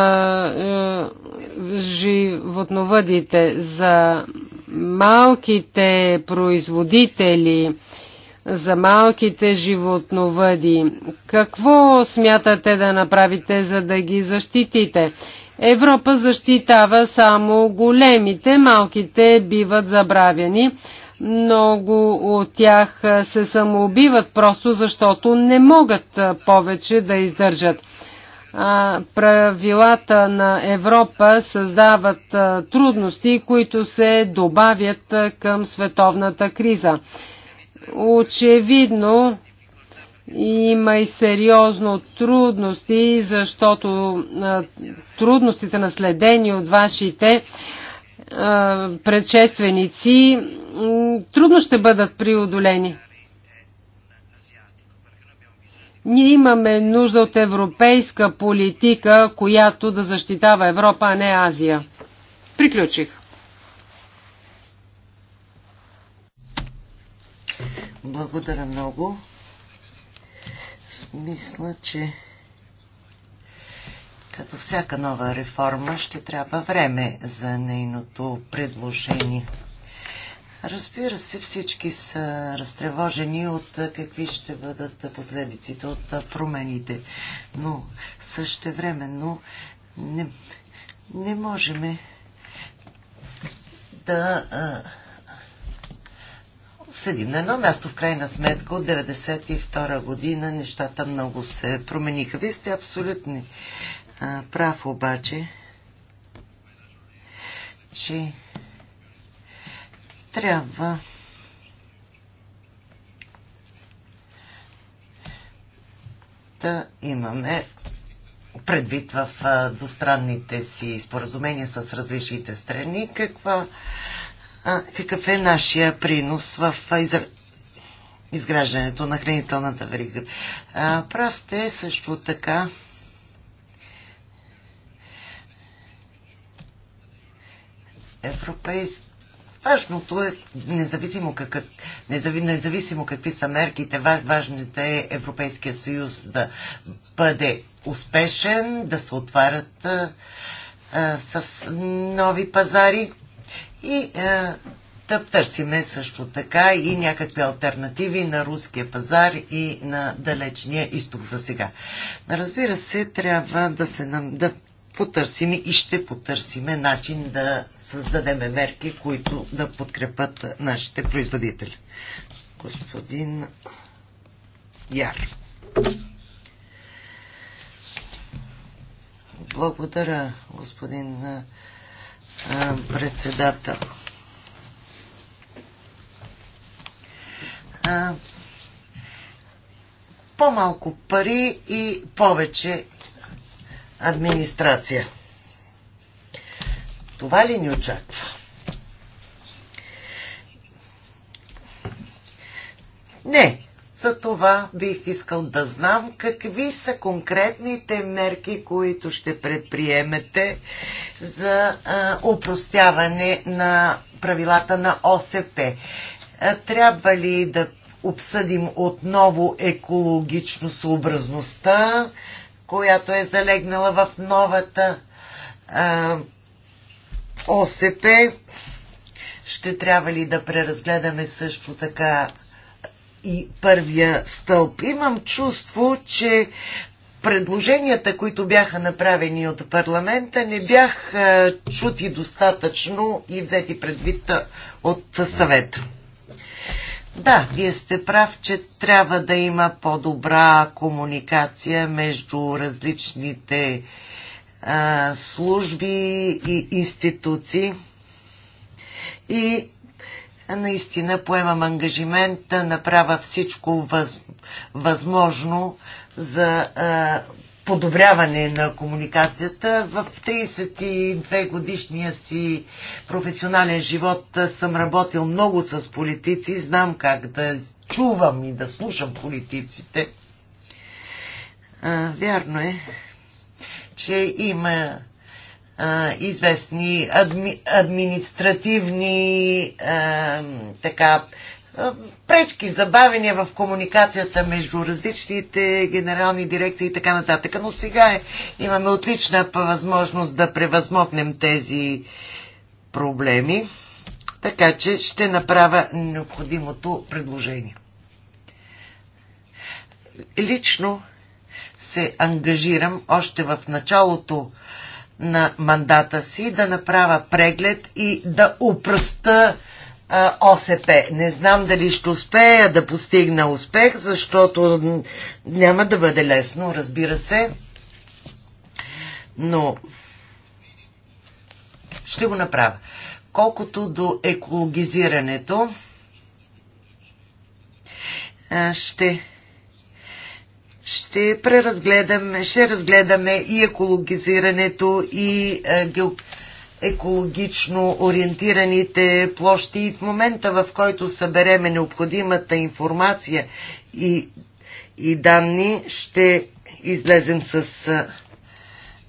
е, животновъдите за малките производители за малките животновъди. Какво смятате да направите, за да ги защитите? Европа защитава само големите, малките биват забравени. Много от тях се самоубиват просто защото не могат повече да издържат. Правилата на Европа създават трудности, които се добавят към световната криза. Очевидно има и сериозно трудности, защото трудностите наследени от вашите предшественици трудно ще бъдат преодолени. Ние имаме нужда от европейска политика, която да защитава Европа, а не Азия. Приключих. Благодаря много. Мисля, че като всяка нова реформа ще трябва време за нейното предложение. Разбира се, всички са разтревожени от какви ще бъдат последиците от промените, но същевременно не, не можем да седим на едно място. В крайна сметка от 1992 година нещата много се промениха. Вие сте абсолютни а, прав обаче, че трябва да имаме предвид в двустранните си споразумения с различните страни, каква а, какъв е нашия принос в изграждането на хранителната верига. Прав сте също така. Европейски Важното е, независимо, какъв, независимо какви са мерките, важното е Европейския съюз да бъде успешен, да се отварят а, с нови пазари и е, да търсиме също така и някакви альтернативи на руския пазар и на далечния изток за сега. Разбира се, трябва да се нам, да потърсиме и ще потърсиме начин да създадеме мерки, които да подкрепат нашите производители. Господин Яр. Благодаря, господин председател. По-малко пари и повече администрация. Това ли ни очаква? Не, за това бих искал да знам какви са конкретните мерки, които ще предприемете за упростяване на правилата на ОСП. Трябва ли да обсъдим отново екологично съобразността, която е залегнала в новата а, ОСП. Ще трябва ли да преразгледаме също така и първия стълб. Имам чувство, че предложенията, които бяха направени от парламента, не бяха чути достатъчно и взети предвид от съвета. Да, вие сте прав, че трябва да има по-добра комуникация между различните а, служби и институции. И наистина поемам ангажимент да направя всичко въз, възможно за а, подобряване на комуникацията. В 32 годишния си професионален живот съм работил много с политици, знам как да чувам и да слушам политиците. А, вярно е, че има известни адми, административни а, така, а, пречки, забавения в комуникацията между различните генерални дирекции и така нататък. Но сега е, имаме отлична възможност да превъзмогнем тези проблеми, така че ще направя необходимото предложение. Лично се ангажирам още в началото на мандата си да направя преглед и да упръста ОСП. Не знам дали ще успея да постигна успех, защото няма да бъде лесно, разбира се. Но ще го направя. Колкото до екологизирането, ще ще преразгледаме, ще разгледаме и екологизирането, и е, екологично ориентираните площи. И в момента, в който събереме необходимата информация и, и данни, ще излезем с е,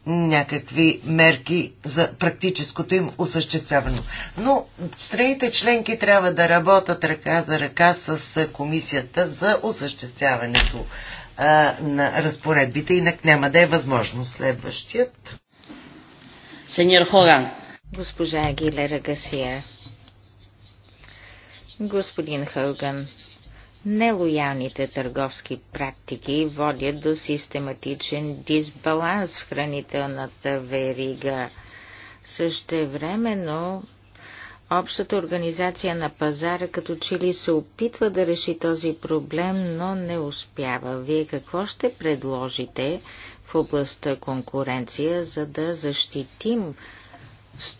някакви мерки за практическото им осъществяване. Но страните членки трябва да работят ръка за ръка с е, комисията за осъществяването а, на разпоредбите, инак няма да е възможно. Следващият. Сеньор Хоган. Госпожа Агилера Гасия. Господин Хоган, Нелоялните търговски практики водят до систематичен дисбаланс в хранителната верига. Също времено Общата организация на пазара като че ли се опитва да реши този проблем, но не успява. Вие какво ще предложите в областта конкуренция, за да защитим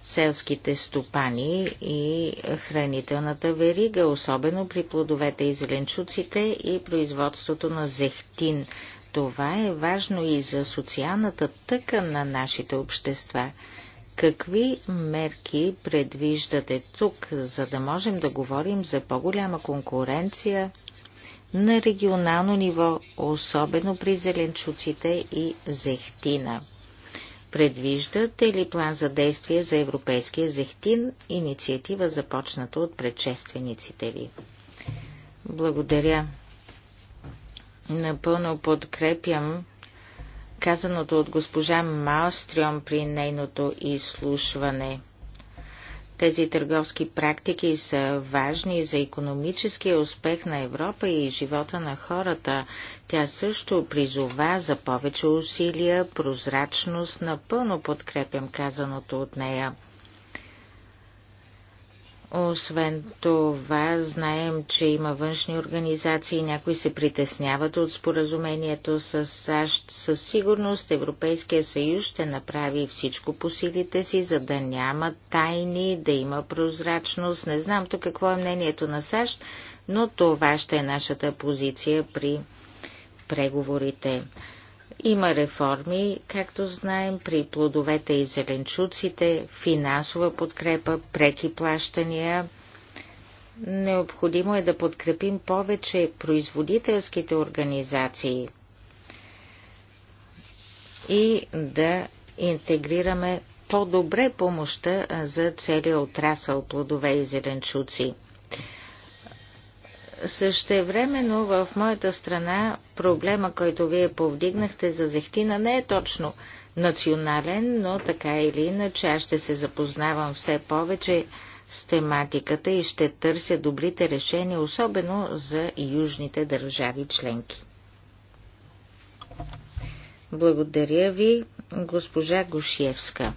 селските стопани и хранителната верига, особено при плодовете и зеленчуците и производството на зехтин. Това е важно и за социалната тъка на нашите общества. Какви мерки предвиждате тук, за да можем да говорим за по-голяма конкуренция на регионално ниво, особено при зеленчуците и зехтина? Предвиждате ли план за действие за европейския зехтин, инициатива започната от предшествениците ви? Благодаря. Напълно подкрепям казаното от госпожа Малстрюм при нейното изслушване. Тези търговски практики са важни за економическия успех на Европа и живота на хората. Тя също призова за повече усилия, прозрачност, напълно подкрепям казаното от нея. Освен това, знаем, че има външни организации, някои се притесняват от споразумението с САЩ. Със сигурност Европейския съюз ще направи всичко по силите си, за да няма тайни, да има прозрачност. Не знам тук какво е мнението на САЩ, но това ще е нашата позиция при преговорите. Има реформи, както знаем, при плодовете и зеленчуците, финансова подкрепа, преки плащания. Необходимо е да подкрепим повече производителските организации и да интегрираме по-добре помощта за целия отрасъл плодове и зеленчуци. Същевременно в моята страна проблема, който вие повдигнахте за зехтина, не е точно национален, но така или иначе аз ще се запознавам все повече с тематиката и ще търся добрите решения, особено за южните държави членки. Благодаря ви, госпожа Гошиевска.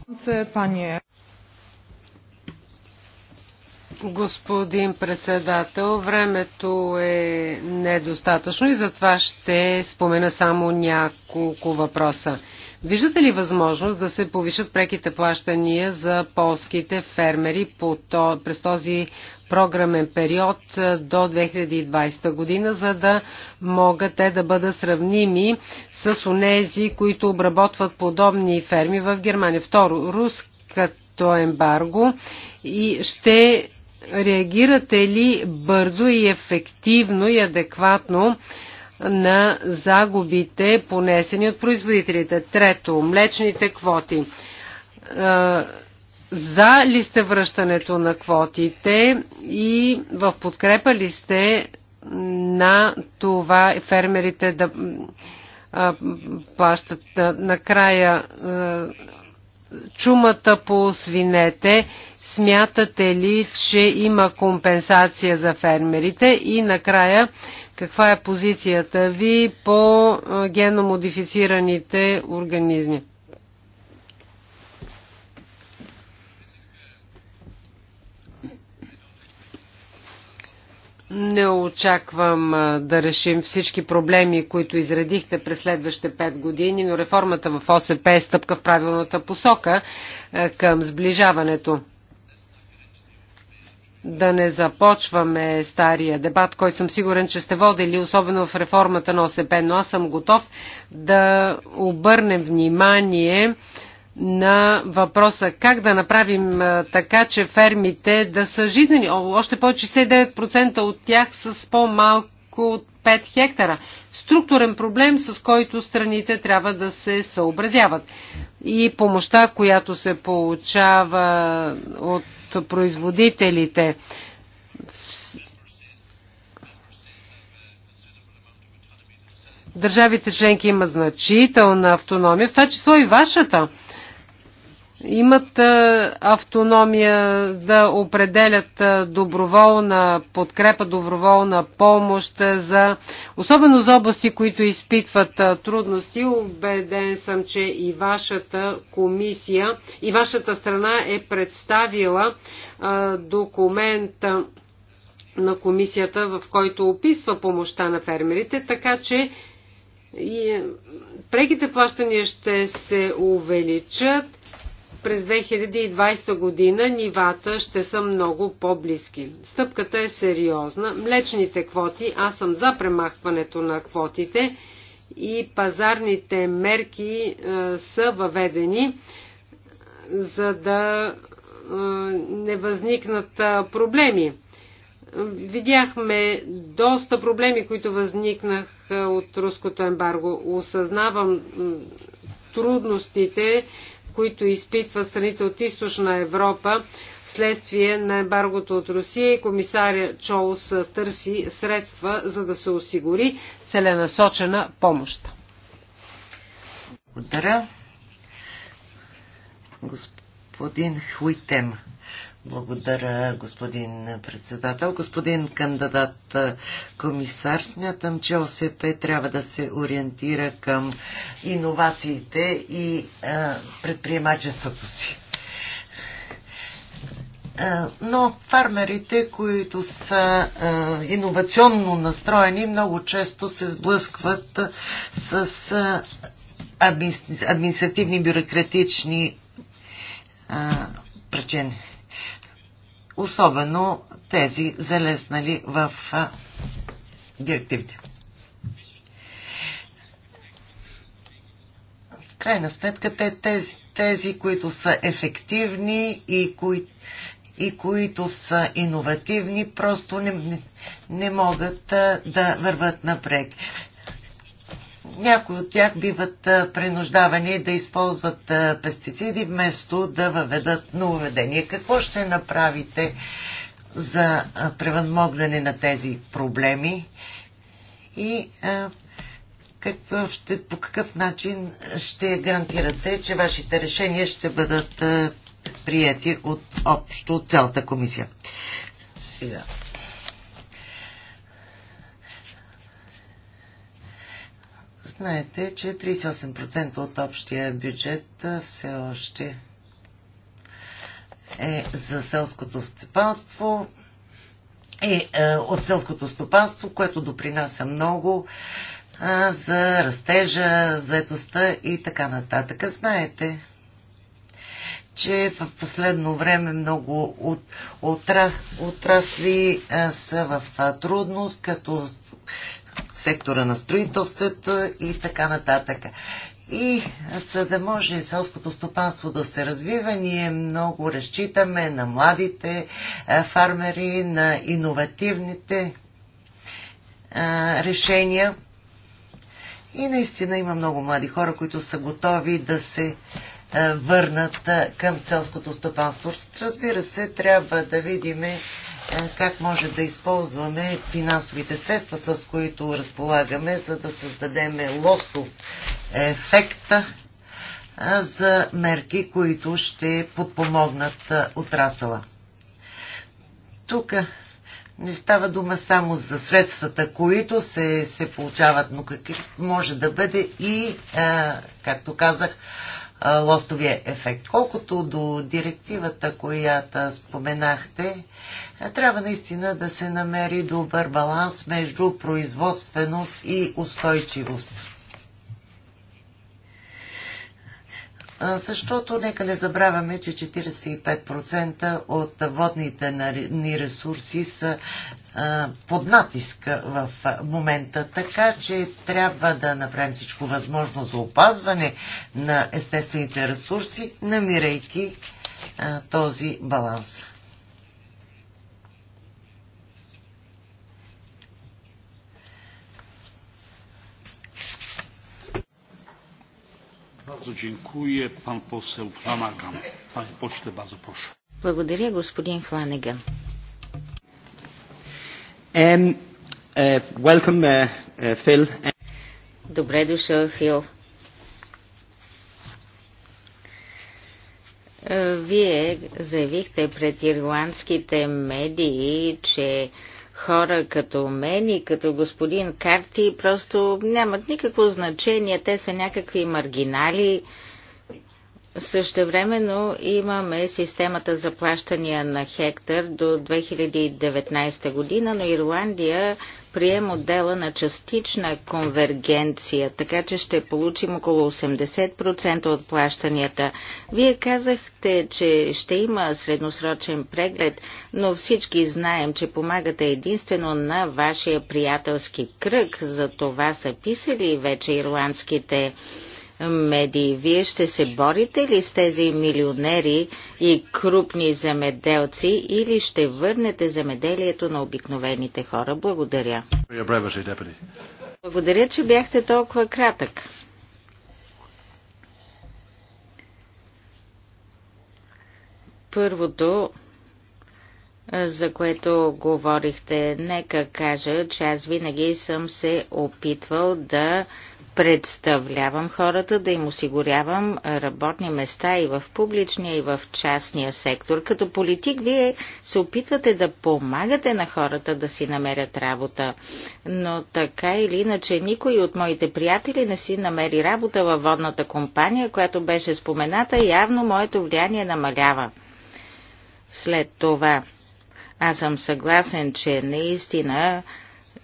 Господин председател, времето е недостатъчно и затова ще спомена само няколко въпроса. Виждате ли възможност да се повишат преките плащания за полските фермери по то, през този програмен период е, до 2020 година, за да могат те да бъдат сравними с онези, които обработват подобни ферми в Германия? Второ, руската ембарго и ще реагирате ли бързо и ефективно и адекватно на загубите, понесени от производителите? Трето, млечните квоти. За ли сте връщането на квотите и в подкрепа ли сте на това фермерите да плащат накрая чумата по свинете, смятате ли, че има компенсация за фермерите? И накрая, каква е позицията ви по геномодифицираните организми? Не очаквам да решим всички проблеми, които изредихте през следващите пет години, но реформата в ОСП е стъпка в правилната посока към сближаването. Да не започваме стария дебат, който съм сигурен, че сте водили, особено в реформата на ОСП, но аз съм готов да обърнем внимание на въпроса как да направим така, че фермите да са жизнени. Още повече 69% от тях са с по-малко от 5 хектара. Структурен проблем, с който страните трябва да се съобразяват. И помощта, която се получава от производителите. Държавите членки има значителна автономия, в това число и вашата имат автономия да определят доброволна подкрепа, доброволна помощ, за, особено за области, които изпитват трудности. Убеден съм, че и вашата комисия, и вашата страна е представила документа на комисията, в който описва помощта на фермерите, така че и преките плащания ще се увеличат през 2020 година нивата ще са много по-близки. Стъпката е сериозна. Млечните квоти, аз съм за премахването на квотите и пазарните мерки е, са въведени, е, за да е, не възникнат е, проблеми. Видяхме доста проблеми, които възникнах е, от руското ембарго. Осъзнавам трудностите, които изпитват страните от източна Европа следствие на ембаргото от Русия и комисаря Чолс търси средства, за да се осигури целенасочена помощ. Благодаря. Господин Хуитема. Благодаря, господин председател. Господин кандидат комисар, смятам, че ОСП трябва да се ориентира към иновациите и а, предприемачеството си. А, но фармерите, които са а, иновационно настроени, много често се сблъскват с а, административни бюрократични а, причини особено тези залеснали в директивите. В крайна сметка те, тези, тези, които са ефективни и, кои, и които са иновативни, просто не, не, не могат да върват напред някои от тях биват принуждавани да използват пестициди вместо да въведат нововведение. Какво ще направите за превъзмогнане на тези проблеми и какво ще, по какъв начин ще гарантирате, че вашите решения ще бъдат прияти от общо цялата комисия? Сега. Знаете, че 38% от общия бюджет все още е за селското степанство и е, е от селското стопанство, което допринася много а, за растежа, заедостта и така нататък. Знаете, че в последно време много от, отра, отрасли а, са в а, трудност, като сектора на строителството и така нататък. И за да може селското стопанство да се развива, ние много разчитаме на младите е, фармери, на иновативните е, решения. И наистина има много млади хора, които са готови да се е, върнат към селското стопанство. Разбира се, трябва да видиме как може да използваме финансовите средства, с които разполагаме, за да създадем лостов ефект за мерки, които ще подпомогнат отрасъла. Тук не става дума само за средствата, които се, се получават, но какъв може да бъде и, както казах, лостовия ефект. Колкото до директивата, която споменахте, е, трябва наистина да се намери добър баланс между производственост и устойчивост. защото нека не забравяме, че 45% от водните ни ресурси са под натиск в момента. Така че трябва да направим всичко възможно за опазване на естествените ресурси, намирайки този баланс. Bardzo dziękuję. Pan poseł Flanagan. Panie pośle, bardzo proszę. Благодаря, господин Фланеган. Um, uh, welcome, uh, uh, Phil. Добре дошъл, Фил. Вие заявихте пред ирландските медии, че uh, хора като мен и като господин Карти просто нямат никакво значение. Те са някакви маргинали, времено имаме системата за плащания на хектар до 2019 година, но Ирландия прие модела на частична конвергенция, така че ще получим около 80% от плащанията. Вие казахте, че ще има средносрочен преглед, но всички знаем, че помагате единствено на вашия приятелски кръг. За това са писали вече ирландските медии. Вие ще се борите ли с тези милионери и крупни земеделци или ще върнете земеделието на обикновените хора? Благодаря. Благодаря, че бяхте толкова кратък. Първото, за което говорихте, нека кажа, че аз винаги съм се опитвал да представлявам хората, да им осигурявам работни места и в публичния, и в частния сектор. Като политик вие се опитвате да помагате на хората да си намерят работа, но така или иначе никой от моите приятели не си намери работа във водната компания, която беше спомената, явно моето влияние намалява. След това аз съм съгласен, че наистина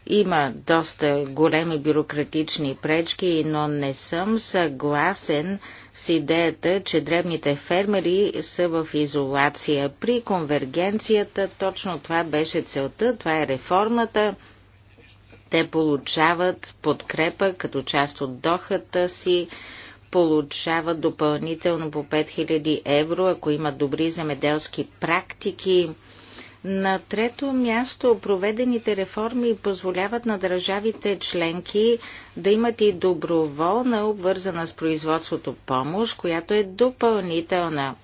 има доста големи бюрократични пречки, но не съм съгласен с идеята, че дребните фермери са в изолация. При конвергенцията точно това беше целта, това е реформата. Те получават подкрепа като част от дохата си, получават допълнително по 5000 евро, ако имат добри земеделски практики на трето място, проведените реформи позволяват на държавите членки да имат и доброволна, обвързана с производството помощ, която е допълнителна.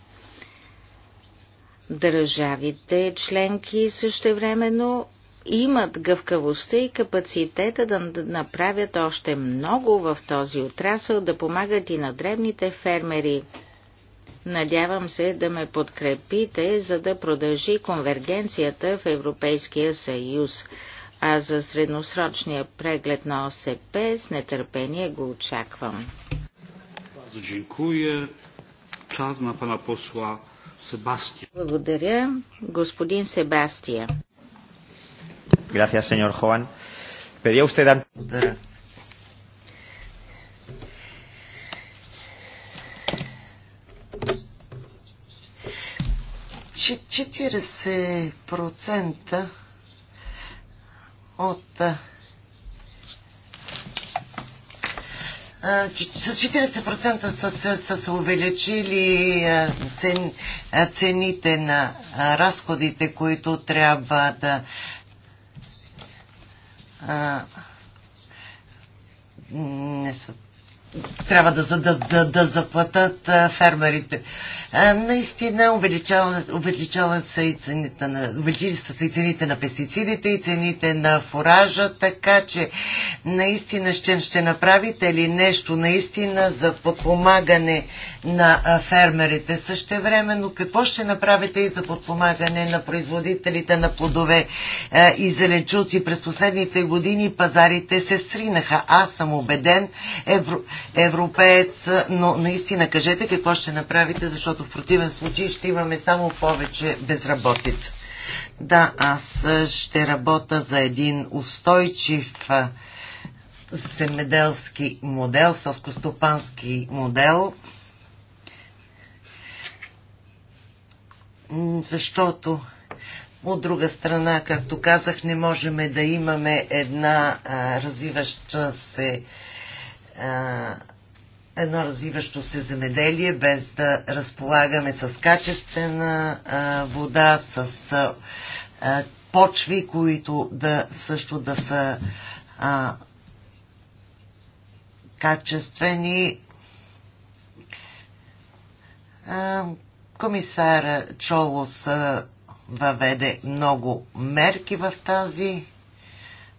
Държавите членки същевременно имат гъвкавостта и капацитета да направят още много в този отрасъл, да помагат и на древните фермери. Надявам се да ме подкрепите, за да продължи конвергенцията в Европейския съюз. А за средносрочния преглед на ОСП с нетърпение го очаквам. Благодаря, господин Себастия. Gracias, señor Joan. Pedía usted antes. 40% от с 40% са, са, са се увеличили цен, цените на разходите, които трябва да а, са трябва да, да, да, да заплатат фермерите. А, наистина увеличава се и цените на, увеличили са се и цените на пестицидите и цените на фуража, така че наистина ще, ще направите ли нещо наистина за подпомагане на фермерите. Също времено какво ще направите и за подпомагане на производителите на плодове а, и зеленчуци. През последните години пазарите се сринаха. Аз съм убеден, евро европеец, но наистина кажете какво ще направите, защото в противен случай ще имаме само повече безработица. Да, аз ще работя за един устойчив земеделски модел, селскостопански модел, защото от друга страна, както казах, не можем да имаме една а, развиваща се едно развиващо се земеделие, без да разполагаме с качествена вода, с почви, които да също да са а, качествени. А, комисара Чолос а, въведе много мерки в тази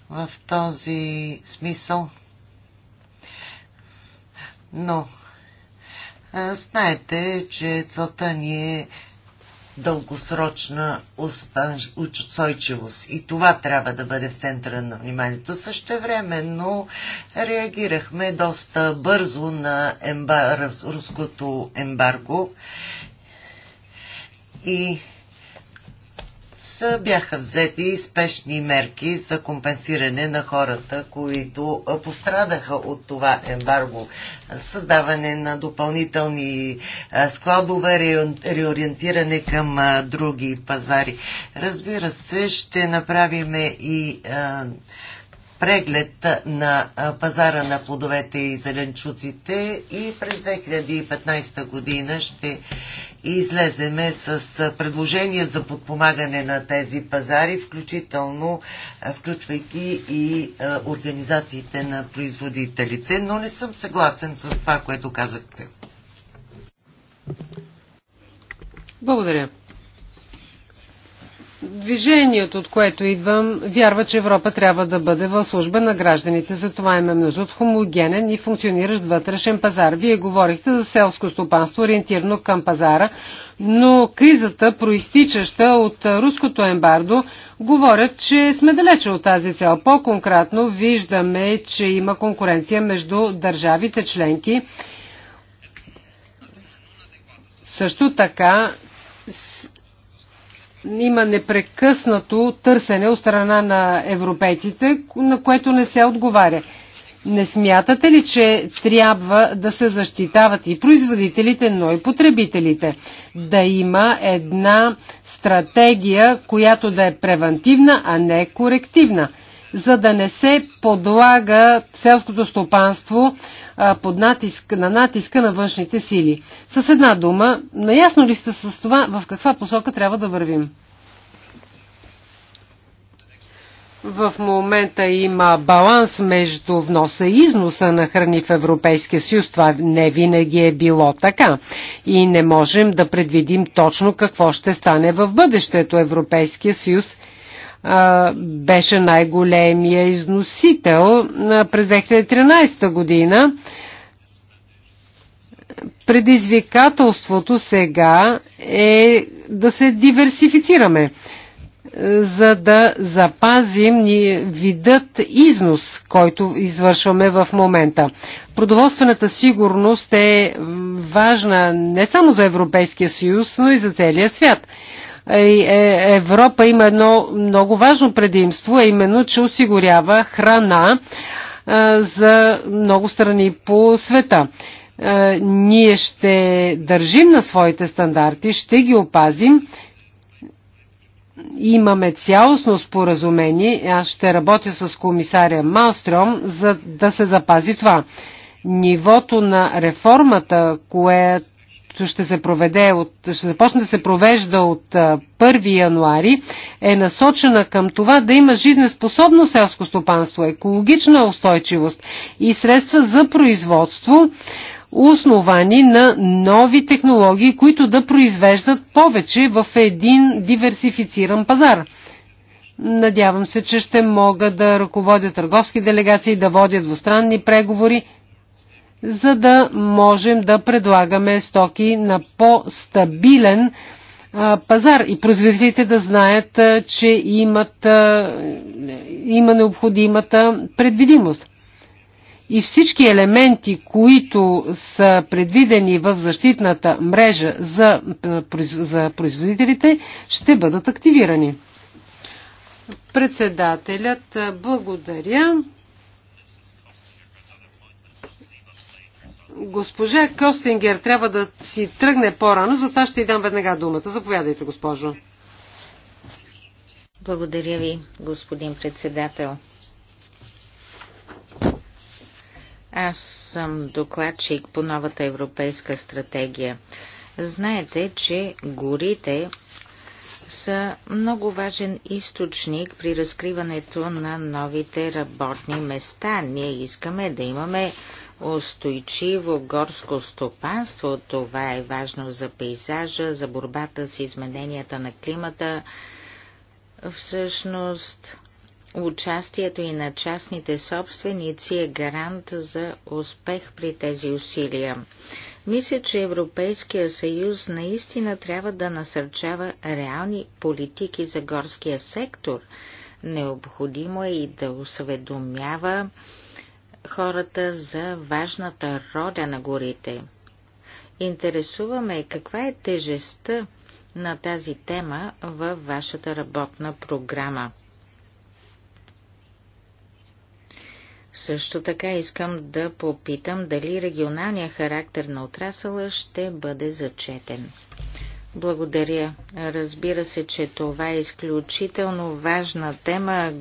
в този смисъл. Но знаете, че целта ни е дългосрочна устойчивост. И това трябва да бъде в центъра на вниманието. Също време, но реагирахме доста бързо на ембар... руското ембарго и са, бяха взети спешни мерки за компенсиране на хората, които пострадаха от това ембарго. Създаване на допълнителни складове, реориентиране към други пазари. Разбира се, ще направиме и преглед на пазара на плодовете и зеленчуците и през 2015 година ще излеземе с предложения за подпомагане на тези пазари, включително включвайки и организациите на производителите, но не съм съгласен с това, което казахте. Благодаря. Движението, от което идвам, вярва, че Европа трябва да бъде в служба на гражданите. Затова имаме нужда от хомогенен и функциониращ вътрешен пазар. Вие говорихте за селско стопанство, ориентирано към пазара, но кризата, проистичаща от руското ембардо, говорят, че сме далече от тази цел. По-конкретно виждаме, че има конкуренция между държавите членки. Също така има непрекъснато търсене от страна на европейците, на което не се отговаря. Не смятате ли, че трябва да се защитават и производителите, но и потребителите? Да има една стратегия, която да е превентивна, а не корективна за да не се подлага селското стопанство под натиск, на натиска на външните сили. С една дума, наясно ли сте с това в каква посока трябва да вървим? В момента има баланс между вноса и износа на храни в Европейския съюз. Това не винаги е било така. И не можем да предвидим точно какво ще стане в бъдещето. Европейския съюз беше най-големия износител през 2013 година. Предизвикателството сега е да се диверсифицираме, за да запазим видът износ, който извършваме в момента. Продоволствената сигурност е важна не само за Европейския съюз, но и за целия свят – е, е, Европа има едно много важно предимство, а е именно, че осигурява храна е, за много страни по света. Ние ще държим на своите стандарти, ще ги опазим. Имаме цялостно споразумение. Аз ще работя с комисаря Малстром, за да се запази това нивото на реформата, което който ще се проведе от, ще започне да се провежда от 1 януари, е насочена към това да има жизнеспособно селско стопанство, екологична устойчивост и средства за производство, основани на нови технологии, които да произвеждат повече в един диверсифициран пазар. Надявам се, че ще мога да ръководя търговски делегации, да водя двустранни преговори за да можем да предлагаме стоки на по-стабилен пазар и производителите да знаят, че имат, има необходимата предвидимост. И всички елементи, които са предвидени в защитната мрежа за, за производителите, ще бъдат активирани. Председателят благодаря. Госпожа Костингер трябва да си тръгне по-рано, затова ще й дам веднага думата. Заповядайте, госпожо. Благодаря ви, господин председател. Аз съм докладчик по новата европейска стратегия. Знаете, че горите са много важен източник при разкриването на новите работни места. Ние искаме да имаме устойчиво горско стопанство. Това е важно за пейзажа, за борбата с измененията на климата. Всъщност, участието и на частните собственици е гарант за успех при тези усилия. Мисля, че Европейския съюз наистина трябва да насърчава реални политики за горския сектор. Необходимо е и да осведомява хората за важната роля на горите. Интересуваме каква е тежестта на тази тема във вашата работна програма. Също така искам да попитам дали регионалният характер на отрасъла ще бъде зачетен. Благодаря. Разбира се, че това е изключително важна тема.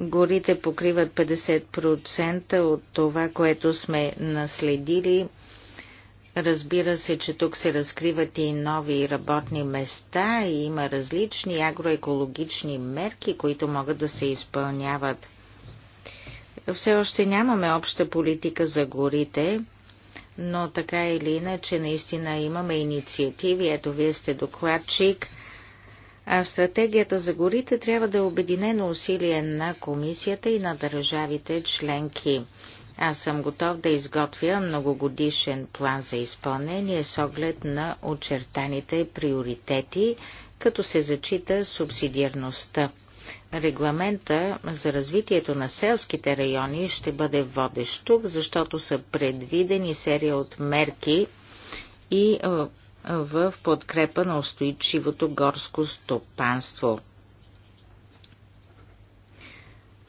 Горите покриват 50% от това, което сме наследили. Разбира се, че тук се разкриват и нови работни места и има различни агроекологични мерки, които могат да се изпълняват. Все още нямаме обща политика за горите, но така или иначе наистина имаме инициативи. Ето вие сте докладчик – а стратегията за горите трябва да е обединено усилие на комисията и на държавите членки. Аз съм готов да изготвя многогодишен план за изпълнение с оглед на очертаните приоритети, като се зачита субсидиарността. Регламента за развитието на селските райони ще бъде водещ тук, защото са предвидени серия от мерки и е, в подкрепа на устойчивото горско стопанство.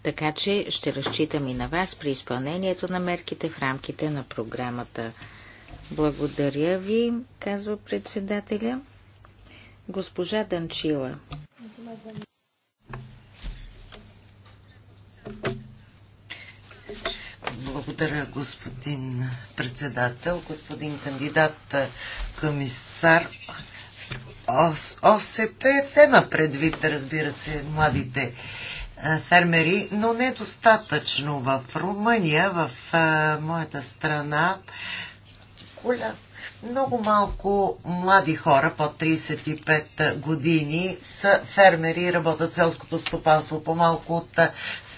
Така че ще разчитам и на вас при изпълнението на мерките в рамките на програмата. Благодаря ви, казва председателя. Госпожа Данчила. Благодаря, господин председател, господин кандидат комисар. ОСП взема предвид, разбира се, младите фермери, но недостатъчно в Румъния, в моята страна. Коля. Много малко млади хора под 35 години са фермери и работят селското стопанство. По-малко от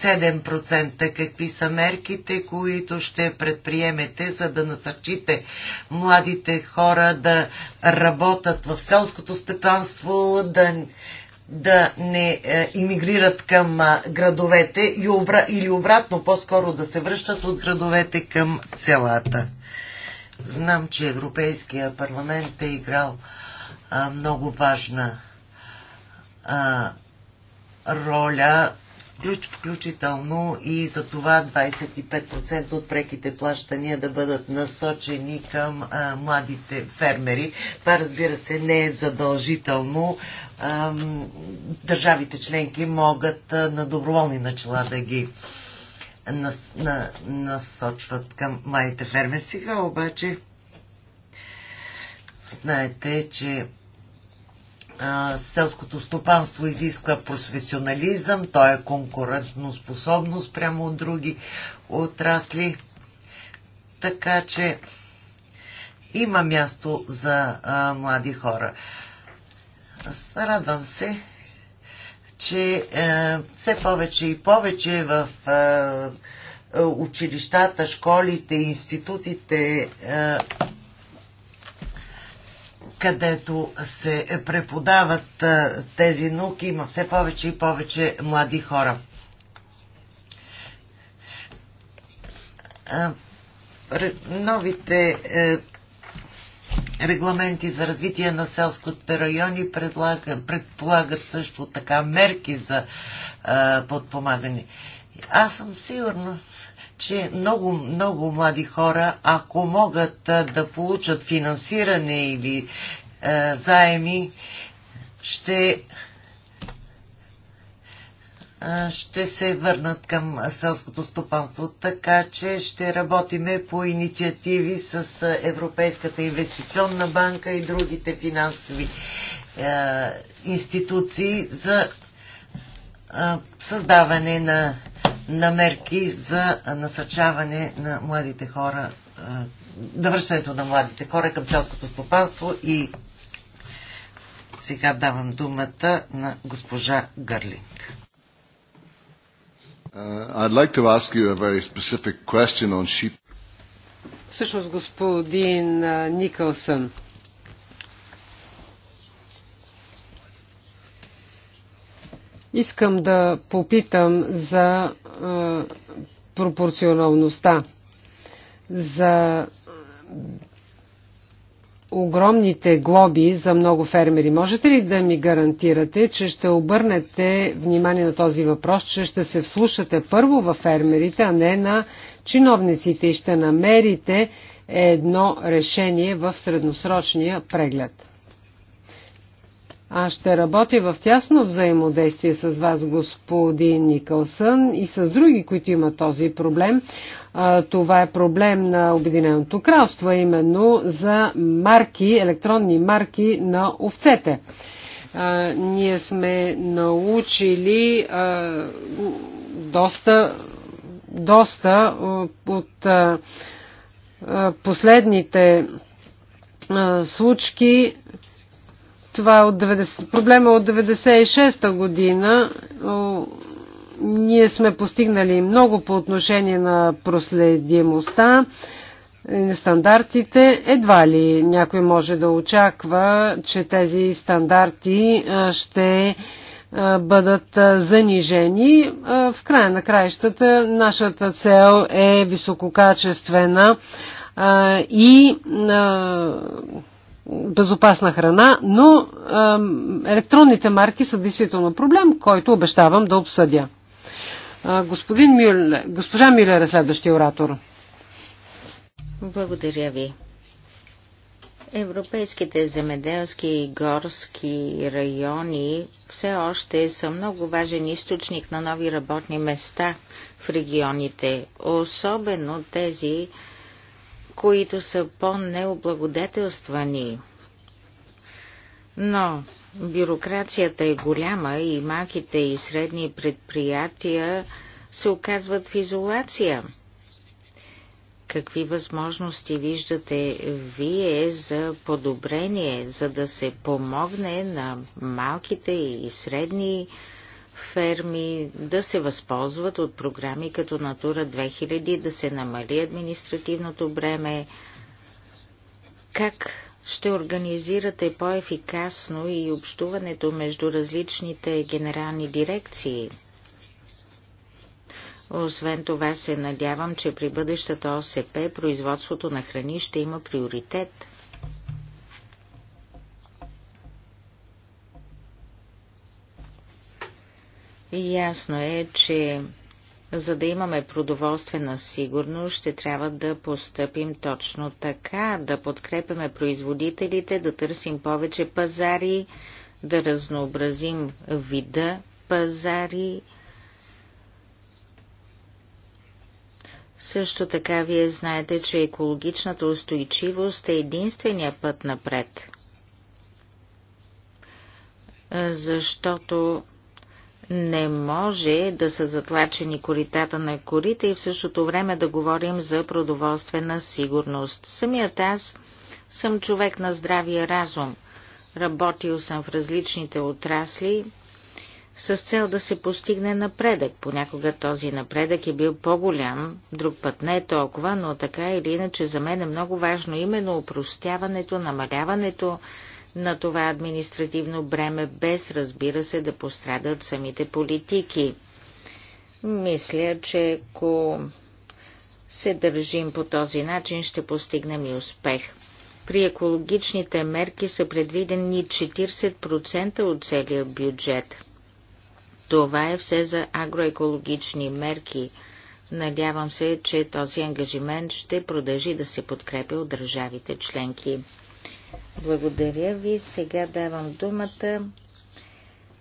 7%. Какви са мерките, които ще предприемете, за да насърчите младите хора да работят в селското стопанство, да да не е, иммигрират към градовете или обратно, по-скоро да се връщат от градовете към селата. Знам, че Европейския парламент е играл а, много важна а, роля, включ, включително и за това 25% от преките плащания да бъдат насочени към а, младите фермери. Това разбира се не е задължително. А, държавите членки могат а, на доброволни начала да ги а, нас, на, насочват към младите ферми. Сега обаче знаете, че а, селското стопанство изисква професионализъм, то е конкурентно способност прямо от други отрасли. Така че има място за а, млади хора. Радвам се, че е, все повече и повече в е, е, училищата, школите, институтите, е, където се преподават е, тези науки, има все повече и повече млади хора. Е, новите е, регламенти за развитие на селските райони предлага, предполагат също така мерки за а, подпомагане. Аз съм сигурна, че много, много млади хора, ако могат а, да получат финансиране или а, заеми, ще ще се върнат към селското стопанство. Така че ще работиме по инициативи с Европейската инвестиционна банка и другите финансови е, институции за създаване на, на мерки за насърчаване на младите хора, е, на младите хора към селското стопанство и сега давам думата на госпожа Гърлинг. Uh, I'd like to ask you a very specific question on sheep. Всъщност, господин Никълсън, искам да попитам за пропорционалността, за огромните глоби за много фермери. Можете ли да ми гарантирате, че ще обърнете внимание на този въпрос, че ще се вслушате първо в фермерите, а не на чиновниците и ще намерите едно решение в средносрочния преглед? Аз ще работя в тясно взаимодействие с вас, господин Никълсън, и с други, които имат този проблем това е проблем на Обединеното кралство, именно за марки, електронни марки на овцете. А, ние сме научили а, доста, доста от а, последните а, случки. Това е от 90, проблема е от 96-та година. Ние сме постигнали много по отношение на проследимостта, е, стандартите. Едва ли някой може да очаква, че тези стандарти е, ще е, бъдат занижени. В края на краищата нашата цел е висококачествена и безопасна храна, но електронните марки са действително проблем, който обещавам да обсъдя. Господин Мюл... госпожа Милер е следващия оратор. Благодаря ви. Европейските земеделски и горски райони все още са много важен източник на нови работни места в регионите, особено тези, които са по-необлагодетелствани. Но бюрокрацията е голяма и малките и средни предприятия се оказват в изолация. Какви възможности виждате вие за подобрение, за да се помогне на малките и средни ферми да се възползват от програми като Натура 2000, да се намали административното бреме? Как ще организирате по-ефикасно и общуването между различните генерални дирекции. Освен това се надявам, че при бъдещата ОСП производството на храни ще има приоритет. Ясно е, че за да имаме продоволствена сигурност, ще трябва да постъпим точно така, да подкрепяме производителите, да търсим повече пазари, да разнообразим вида пазари. Също така вие знаете, че екологичната устойчивост е единствения път напред. Защото не може да са затлачени коритата на корите и в същото време да говорим за продоволствена сигурност. Самият аз съм човек на здравия разум. Работил съм в различните отрасли с цел да се постигне напредък. Понякога този напредък е бил по-голям, друг път не е толкова, но така или иначе за мен е много важно именно упростяването, намаляването на това административно бреме, без разбира се да пострадат самите политики. Мисля, че ако се държим по този начин, ще постигнем и успех. При екологичните мерки са предвидени 40% от целия бюджет. Това е все за агроекологични мерки. Надявам се, че този ангажимент ще продължи да се подкрепя от държавите членки. Благодаря ви. Сега давам думата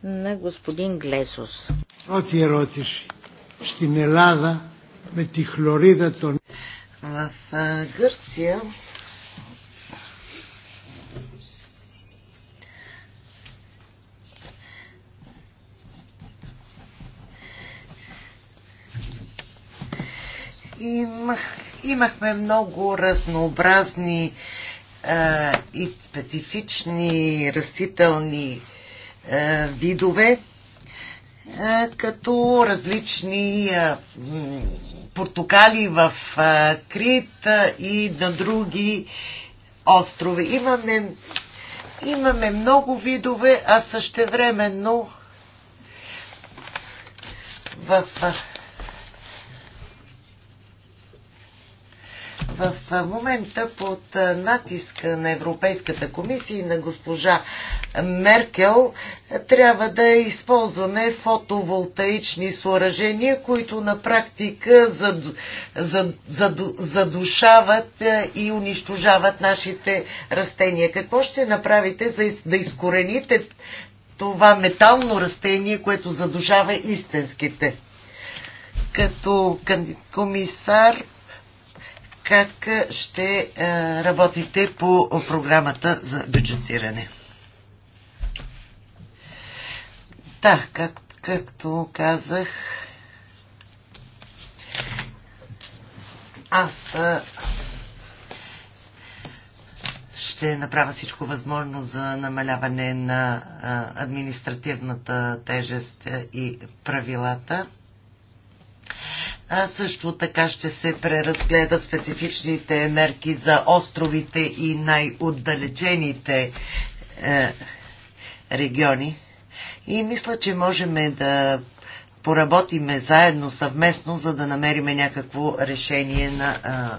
на господин Глесос. Πρώτη ερώτηση. Στην Ελλάδα με τη χλωρίδα των... В Гърция имах, имахме много разнообразни а, и специфични растителни а, видове, а, като различни а, портокали в а, Крит а, и на други острови. Имаме, имаме много видове, а същевременно в а, в момента под натиска на Европейската комисия и на госпожа Меркел трябва да използваме фотоволтаични съоръжения, които на практика задушават и унищожават нашите растения. Какво ще направите за да изкорените това метално растение, което задушава истинските? Като комисар как е, ще е, работите по програмата за бюджетиране. Да, как, както казах, аз е, ще направя всичко възможно за намаляване на административната тежест и правилата. А също така ще се преразгледат специфичните мерки за островите и най-отдалечените е, региони. И мисля, че можем да поработиме заедно, съвместно, за да намерим някакво решение на а, е,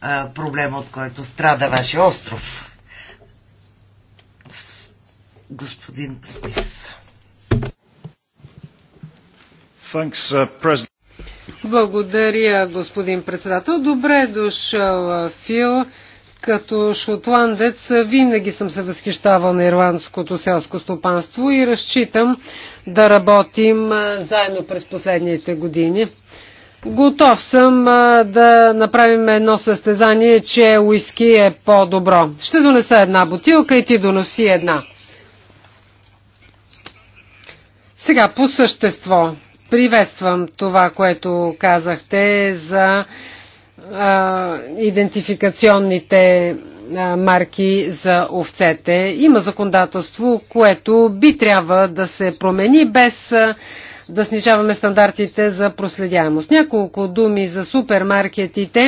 а, е, проблема, от който страда вашия остров. С, господин Смис. Thanks, uh, благодаря, господин председател. Добре е дошъл, Фил. Като шотландец винаги съм се възхищавал на ирландското селско стопанство и разчитам да работим заедно през последните години. Готов съм да направим едно състезание, че уиски е по-добро. Ще донеса една бутилка и ти доноси една. Сега по същество. Приветствам това, което казахте за а, идентификационните а, марки за овцете. Има законодателство, което би трябва да се промени без а, да снижаваме стандартите за проследяемост. Няколко думи за супермаркетите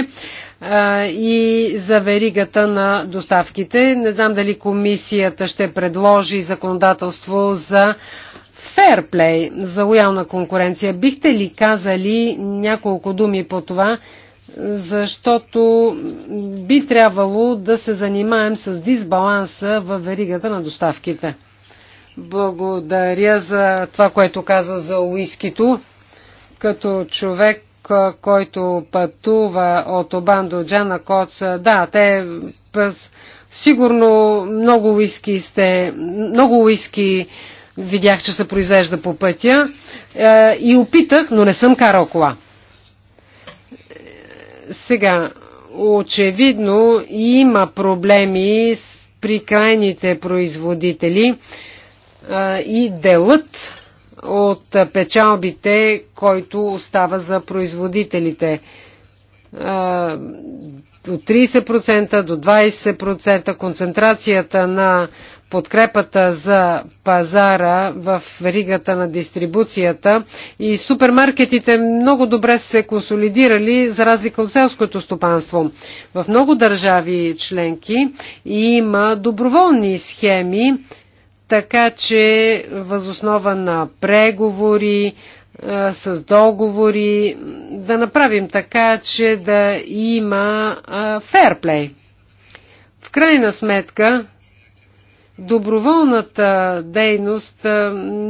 а, и за веригата на доставките. Не знам дали комисията ще предложи законодателство за ферплей за лоялна конкуренция. Бихте ли казали няколко думи по това, защото би трябвало да се занимаем с дисбаланса в веригата на доставките. Благодаря за това, което каза за уискито. Като човек, който пътува от Обан до Джана Коц, да, те сигурно много уиски сте, много уиски видях, че се произвежда по пътя е, и опитах, но не съм карал кола. Сега, очевидно има проблеми при крайните производители е, и делът от печалбите, който остава за производителите. Е, от 30% до 20% концентрацията на подкрепата за пазара в ригата на дистрибуцията и супермаркетите много добре се консолидирали за разлика от селското стопанство. В много държави членки има доброволни схеми, така че възоснова на преговори, е, с договори, да направим така, че да има е, ферплей. В крайна сметка, доброволната дейност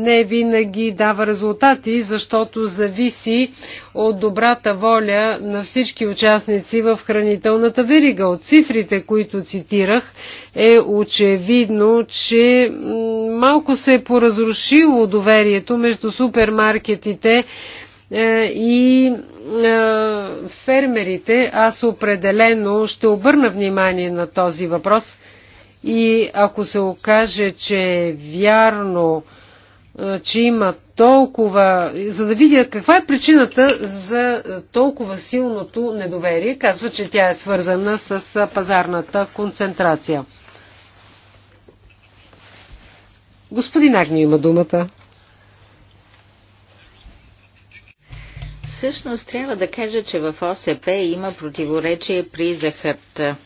не винаги дава резултати, защото зависи от добрата воля на всички участници в хранителната верига. От цифрите, които цитирах, е очевидно, че малко се е поразрушило доверието между супермаркетите е, и е, фермерите. Аз определено ще обърна внимание на този въпрос – и ако се окаже, че е вярно, е, че има толкова, за да видя каква е причината за е, толкова силното недоверие, казва, че тя е свързана с е, пазарната концентрация. Господин Агни, има думата. Всъщност трябва да кажа, че в ОСП има противоречие при захарта.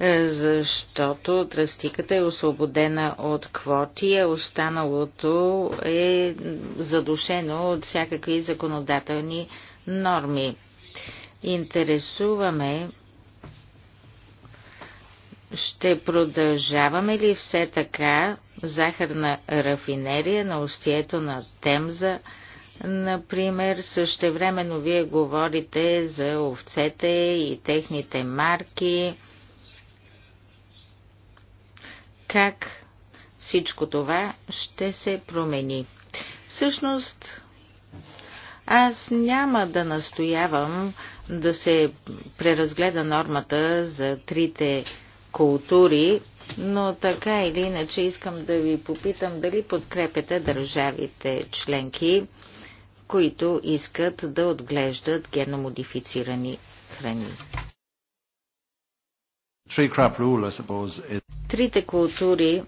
Е, защото тръстиката е освободена от квоти, а останалото е задушено от всякакви законодателни норми. Интересуваме ще продължаваме ли все така захарна рафинерия на устието на Темза, например, същевременно вие говорите за овцете и техните марки, как всичко това ще се промени. Всъщност, аз няма да настоявам да се преразгледа нормата за трите култури, но така или иначе искам да ви попитам дали подкрепяте държавите членки, които искат да отглеждат геномодифицирани храни. Трите култури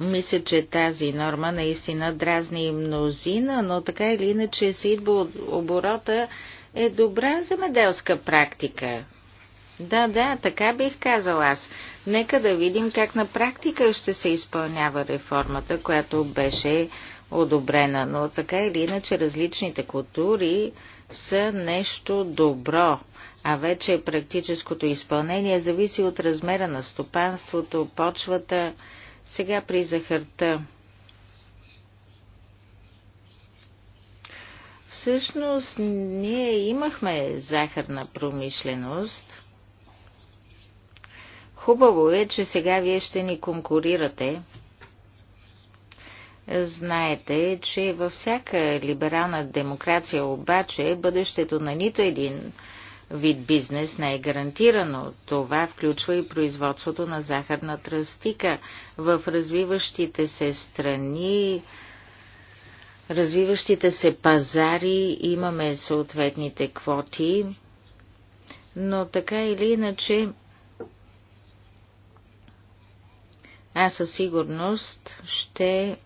мисля, че тази норма наистина дразни и мнозина, но така или иначе се идва от оборота е добра замеделска практика. Да, да, така бих казал аз. Нека да видим как на практика ще се изпълнява реформата, която беше одобрена. Но така или иначе различните култури са нещо добро а вече практическото изпълнение зависи от размера на стопанството, почвата, сега при захарта. Всъщност ние имахме захарна промишленост. Хубаво е, че сега вие ще ни конкурирате. Знаете, че във всяка либерална демокрация обаче бъдещето на нито един вид бизнес не е гарантирано. Това включва и производството на захарна тръстика. В развиващите се страни, развиващите се пазари имаме съответните квоти, но така или иначе аз със сигурност ще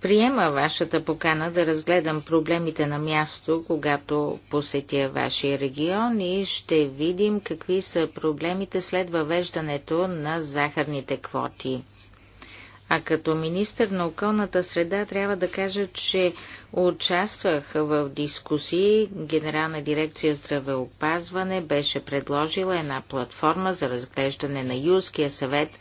приема вашата покана да разгледам проблемите на място, когато посетя вашия регион и ще видим какви са проблемите след въвеждането на захарните квоти. А като министр на околната среда трябва да кажа, че участвах в дискусии. Генерална дирекция здравеопазване беше предложила една платформа за разглеждане на Юлския съвет –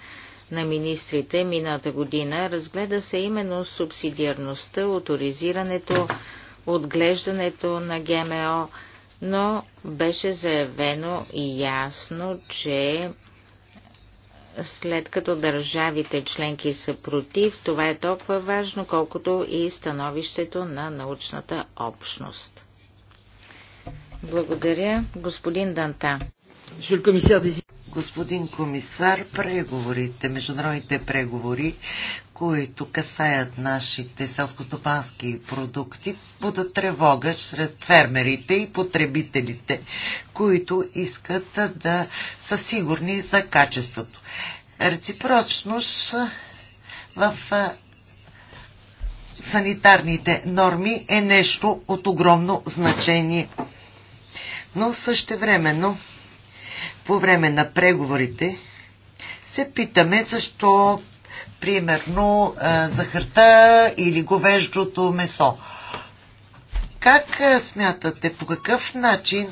на министрите мината година разгледа се именно субсидиарността, авторизирането, отглеждането на ГМО, но беше заявено и ясно, че след като държавите членки са против, това е толкова важно, колкото и становището на научната общност. Благодаря, господин Данта господин комисар, преговорите, международните преговори, които касаят нашите селскостопански продукти, будат тревога сред фермерите и потребителите, които искат да са сигурни за качеството. Реципрочност в санитарните норми е нещо от огромно значение. Но също времено по време на преговорите се питаме защо, примерно, захарта или говеждото месо. Как смятате, по какъв начин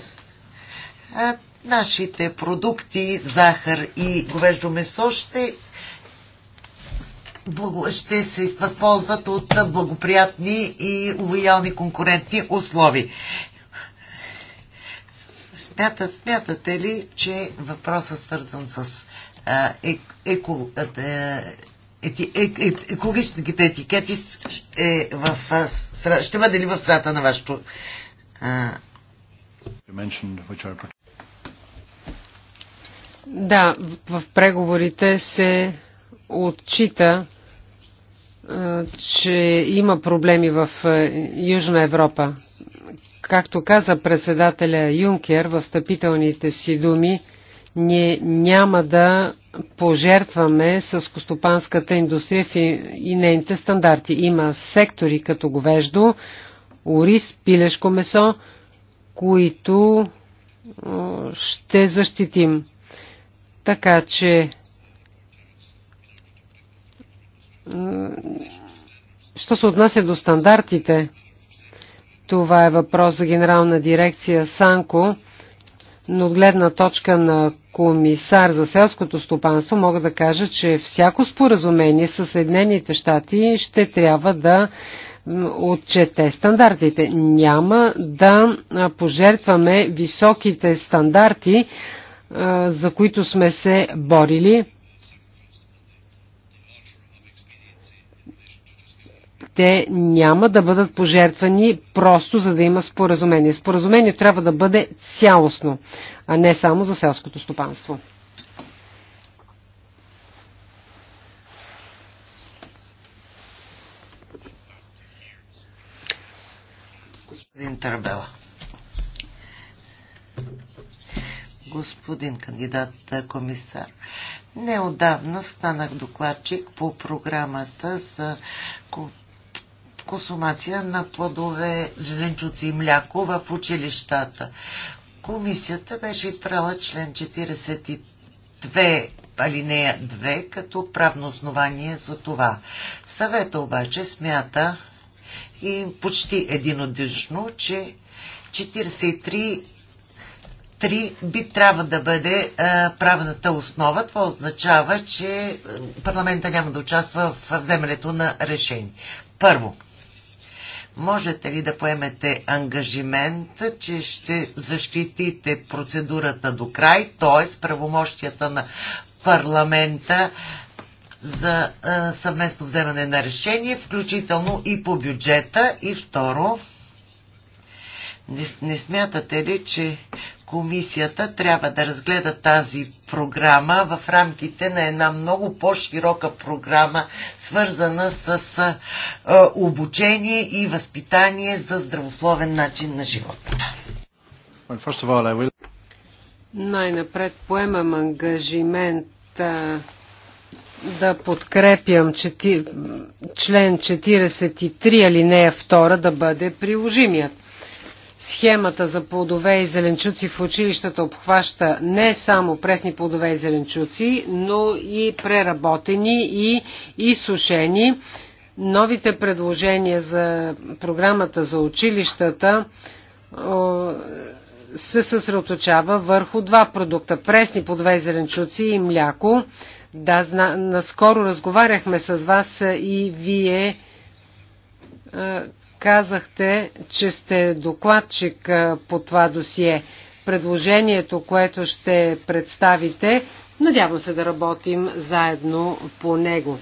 нашите продукти, захар и говеждо месо ще ще се възползват от благоприятни и лоялни конкурентни услови. Смятат, смятате ли, че въпросът свързан с а, е, еко, е, е, е, екологичните етикети е в, а, ще бъде ли в страта на вашето а... Да, в преговорите се отчита, че има проблеми в Южна Европа както каза председателя Юнкер в стъпителните си думи, ние няма да пожертваме с костопанската индустрия и нейните стандарти. Има сектори като говеждо, ориз, пилешко месо, които ще защитим. Така че що се отнася до стандартите, това е въпрос за генерална дирекция Санко, но от гледна точка на комисар за селското стопанство мога да кажа, че всяко споразумение с Съединените щати ще трябва да отчете стандартите. Няма да пожертваме високите стандарти, за които сме се борили те няма да бъдат пожертвани просто за да има споразумение. Споразумение трябва да бъде цялостно, а не само за селското стопанство. Господин Тарабела. Господин кандидат комисар. Неодавна станах докладчик по програмата за култура консумация на плодове, зеленчуци и мляко в училищата. Комисията беше изпрала член 42, алинея 2 като правно основание за това. Съвета обаче смята и почти единодушно, че 43 3 би трябва да бъде а, правната основа. Това означава, че парламента няма да участва в вземането на решение. Първо, Можете ли да поемете ангажимент, че ще защитите процедурата до край, т.е. правомощията на парламента за а, съвместно вземане на решение, включително и по бюджета? И второ, не, не смятате ли, че комисията трябва да разгледа тази програма в рамките на една много по-широка програма, свързана с обучение и възпитание за здравословен начин на живота. Най-напред поемам ангажимент да подкрепям чети... член 43 алинея 2 да бъде приложимият. Схемата за плодове и зеленчуци в училищата обхваща не само пресни плодове и зеленчуци, но и преработени и изсушени. Новите предложения за програмата за училищата се съсредоточава върху два продукта – пресни плодове и зеленчуци и мляко. Да, наскоро разговаряхме с вас и вие Казахте, че сте докладчик по това досие. Предложението, което ще представите, надявам се да работим заедно по него.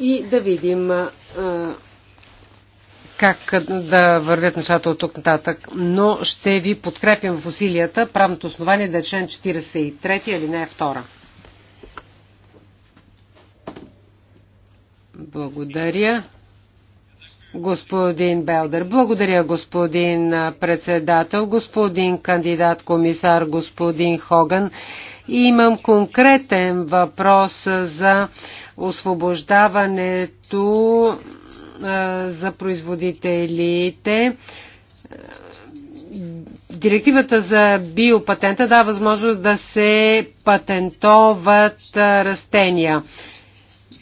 И да видим как да вървят нещата от тук нататък, но ще ви подкрепям в усилията правното основание да е член 43, алинея 2. Благодаря. Господин Белдер. Благодаря, господин председател, господин кандидат комисар, господин Хоган. Имам конкретен въпрос за освобождаването за производителите. Директивата за биопатента дава възможност да се патентоват растения.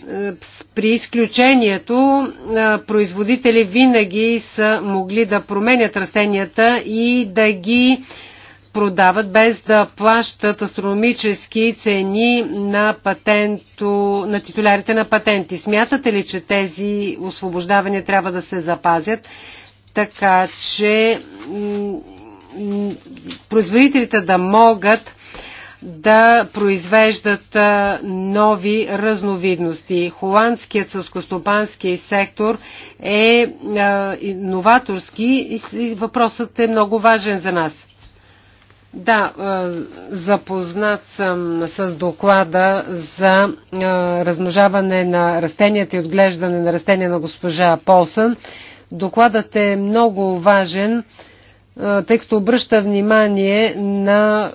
Е, при изключението е, производители винаги са могли да променят растенията и да ги продават без да плащат астрономически цени на, патенто, на титулярите на патенти. Смятате ли, че тези освобождавания трябва да се запазят, така че производителите да могат да произвеждат нови разновидности. Холандският сълскостопански сектор е новаторски и въпросът е много важен за нас. Да, запознат съм с доклада за размножаване на растенията и отглеждане на растения на госпожа Полсън. Докладът е много важен, тъй като обръща внимание на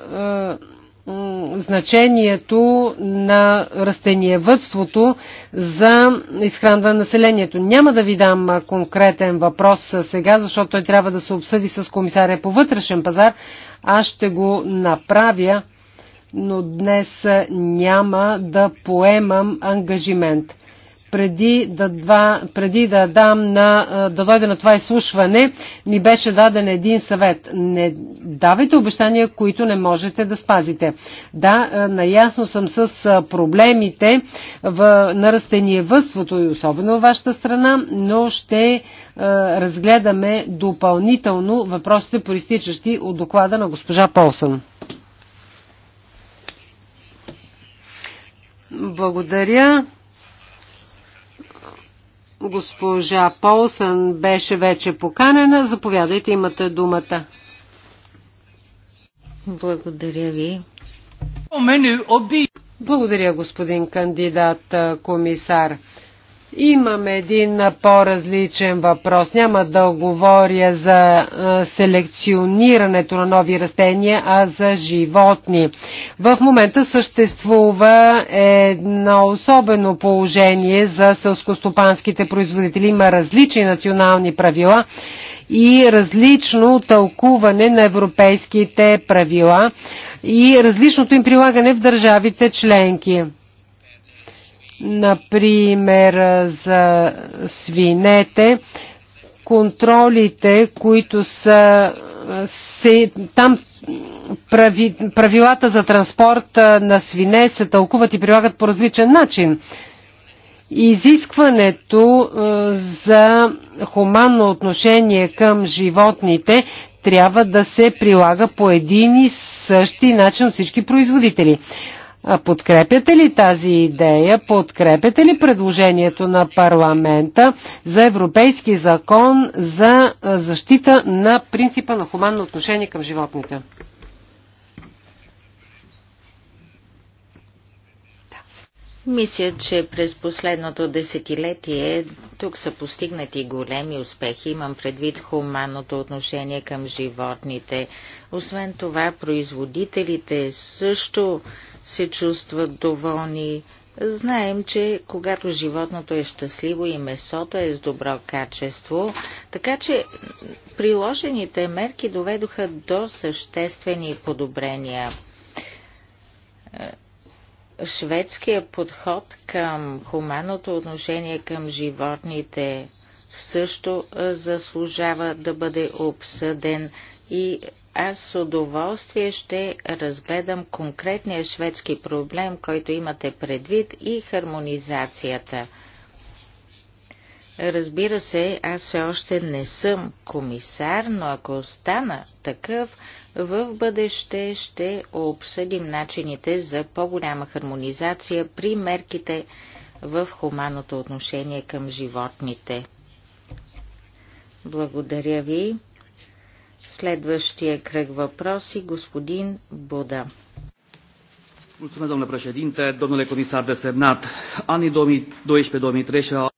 значението на растениевътството за изхранване на населението. Няма да ви дам конкретен въпрос сега, защото той трябва да се обсъди с комисаря по вътрешен пазар. Аз ще го направя, но днес няма да поемам ангажимент преди да, два, преди да, дам на, да дойда на това изслушване, ми беше даден един съвет. Не давайте обещания, които не можете да спазите. Да, наясно съм с проблемите в, на растениевътството и особено в вашата страна, но ще разгледаме допълнително въпросите, проистичащи от доклада на госпожа Полсън. Благодаря. Госпожа Полсън беше вече поканена. Заповядайте, имате думата. Благодаря ви. Благодаря, господин кандидат комисар. Имаме един по-различен въпрос. Няма да говоря за селекционирането на нови растения, а за животни. В момента съществува едно особено положение за селскостопанските производители. Има различни национални правила и различно тълкуване на европейските правила и различното им прилагане в държавите членки. Например, за свинете, контролите, които са се, там прави, правилата за транспорт на свине се тълкуват и прилагат по различен начин. Изискването за хуманно отношение към животните трябва да се прилага по един и същи начин от всички производители. А подкрепяте ли тази идея? Подкрепяте ли предложението на парламента за европейски закон за защита на принципа на хуманно отношение към животните? Мисля, че през последното десетилетие тук са постигнати големи успехи. Имам предвид хуманното отношение към животните. Освен това, производителите също се чувстват доволни. Знаем, че когато животното е щастливо и месото е с добро качество, така че приложените мерки доведоха до съществени подобрения. Шведският подход към хуманното отношение към животните също заслужава да бъде обсъден и аз с удоволствие ще разгледам конкретния шведски проблем, който имате предвид и хармонизацията. Разбира се, аз все още не съм комисар, но ако стана такъв, в бъдеще ще обсъдим начините за по-голяма хармонизация при мерките в хуманното отношение към животните. Благодаря ви. Следващия кръг въпроси господин Буда.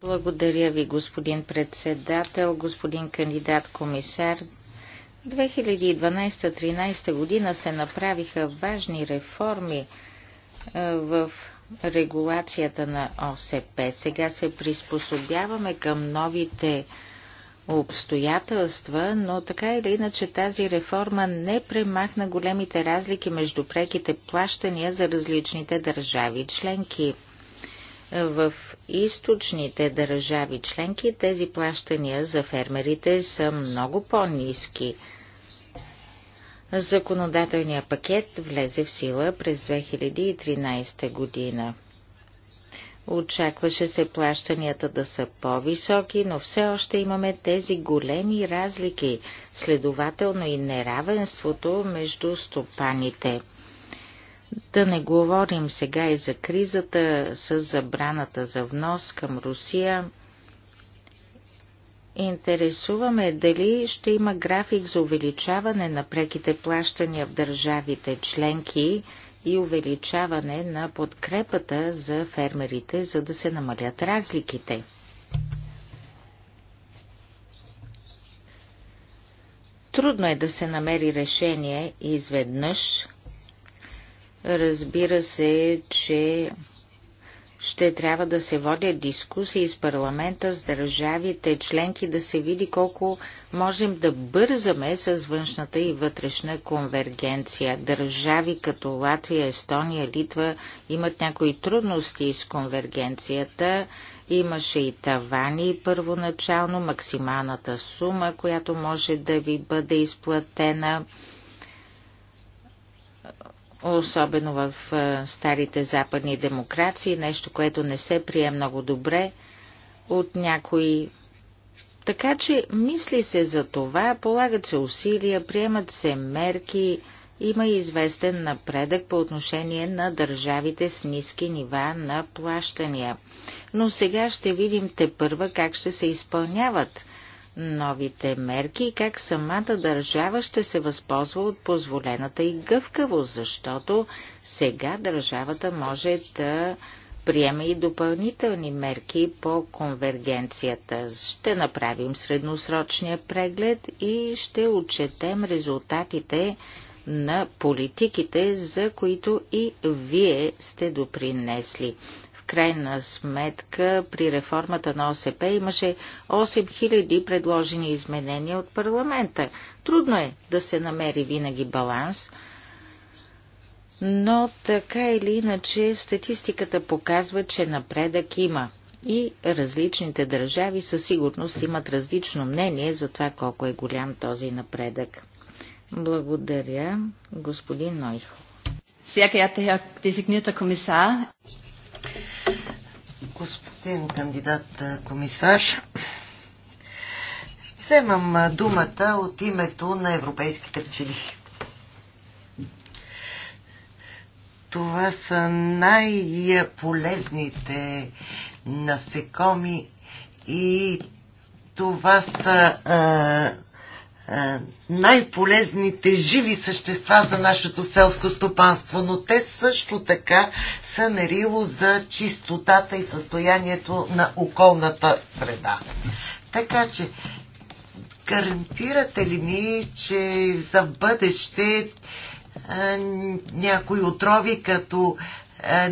Благодаря ви, господин председател, господин кандидат комисар. 2012-2013 година се направиха важни реформи е, в регулацията на ОСП. Сега се приспособяваме към новите обстоятелства, но така или иначе тази реформа не премахна големите разлики между преките плащания за различните държави членки. В източните държави членки тези плащания за фермерите са много по-низки. Законодателният пакет влезе в сила през 2013 година. Очакваше се плащанията да са по-високи, но все още имаме тези големи разлики, следователно и неравенството между стопаните. Да не говорим сега и за кризата с забраната за внос към Русия. Интересуваме дали ще има график за увеличаване на преките плащания в държавите членки, и увеличаване на подкрепата за фермерите, за да се намалят разликите. Трудно е да се намери решение изведнъж. Разбира се, че ще трябва да се водят дискусии с парламента, с държавите, членки, да се види колко можем да бързаме с външната и вътрешна конвергенция. Държави като Латвия, Естония, Литва имат някои трудности с конвергенцията. Имаше и тавани първоначално, максималната сума, която може да ви бъде изплатена – особено в е, старите западни демокрации, нещо, което не се прие много добре от някои. Така че мисли се за това, полагат се усилия, приемат се мерки, има и известен напредък по отношение на държавите с ниски нива на плащания. Но сега ще видим те първа как ще се изпълняват новите мерки и как самата държава ще се възползва от позволената и гъвкавост, защото сега държавата може да приеме и допълнителни мерки по конвергенцията. Ще направим средносрочния преглед и ще отчетем резултатите на политиките, за които и вие сте допринесли крайна сметка при реформата на ОСП имаше 8000 предложени изменения от парламента. Трудно е да се намери винаги баланс, но така или иначе статистиката показва, че напредък има. И различните държави със сигурност имат различно мнение за това колко е голям този напредък. Благодаря, господин Нойхо. Sehr geehrter Herr designierter Kommissar, господин кандидат комисар. Вземам думата от името на европейските пчели. Това са най-полезните насекоми и това са а, е, най-полезните живи същества за нашето селско стопанство, но те също така са мерило за чистотата и състоянието на околната среда. Така че, гарантирате ли ми, че за бъдеще е, някои отрови като е,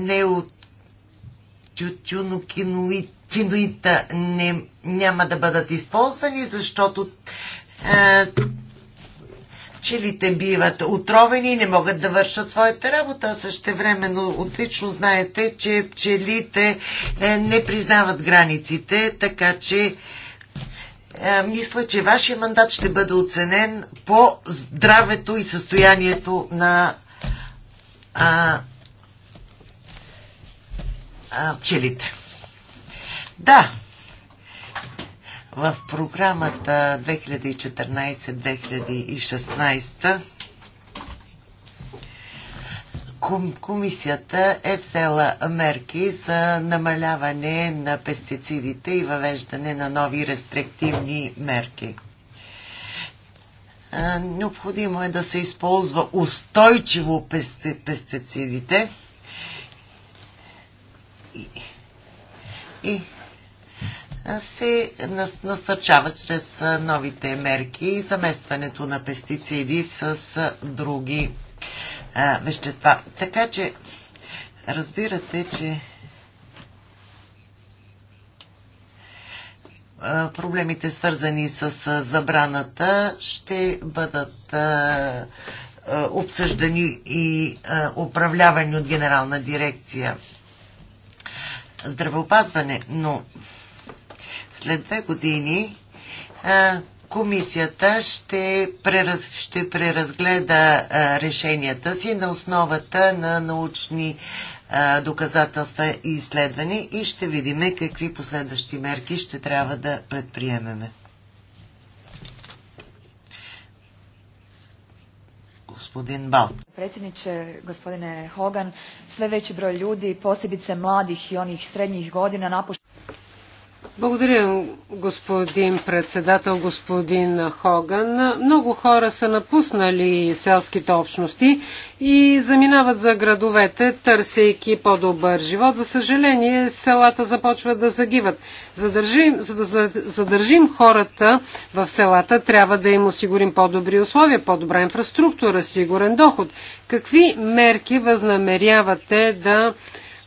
неотютюнокиноициноита не, няма да бъдат използвани, защото е, пчелите биват отровени и не могат да вършат своята работа, а същевременно отлично знаете, че пчелите е, не признават границите, така че е, мисля, че вашия мандат ще бъде оценен по здравето и състоянието на а, а, пчелите. Да, в програмата 2014-2016 комисията е взела мерки за намаляване на пестицидите и въвеждане на нови рестриктивни мерки. Необходимо е да се използва устойчиво пестицидите и, и се насърчават чрез новите мерки и заместването на пестициди с други вещества. Така че разбирате, че проблемите свързани с забраната ще бъдат обсъждани и управлявани от Генерална дирекция здравеопазване, но след две години а, комисията ще, прераз, ще преразгледа а, решенията си на основата на научни а, доказателства и изследвания и ще видим какви последващи мерки ще трябва да предприемеме. Господин Bal. Predsjedniče, gospodine Hogan, sve veći broj ljudi, posebice mladih i onih srednjih godina napušta благодаря, господин председател, господин Хоган. Много хора са напуснали селските общности и заминават за градовете, търсейки по-добър живот. За съжаление, селата започват да загиват. Задържим, за да задържим хората в селата, трябва да им осигурим по-добри условия, по-добра инфраструктура, сигурен доход. Какви мерки възнамерявате да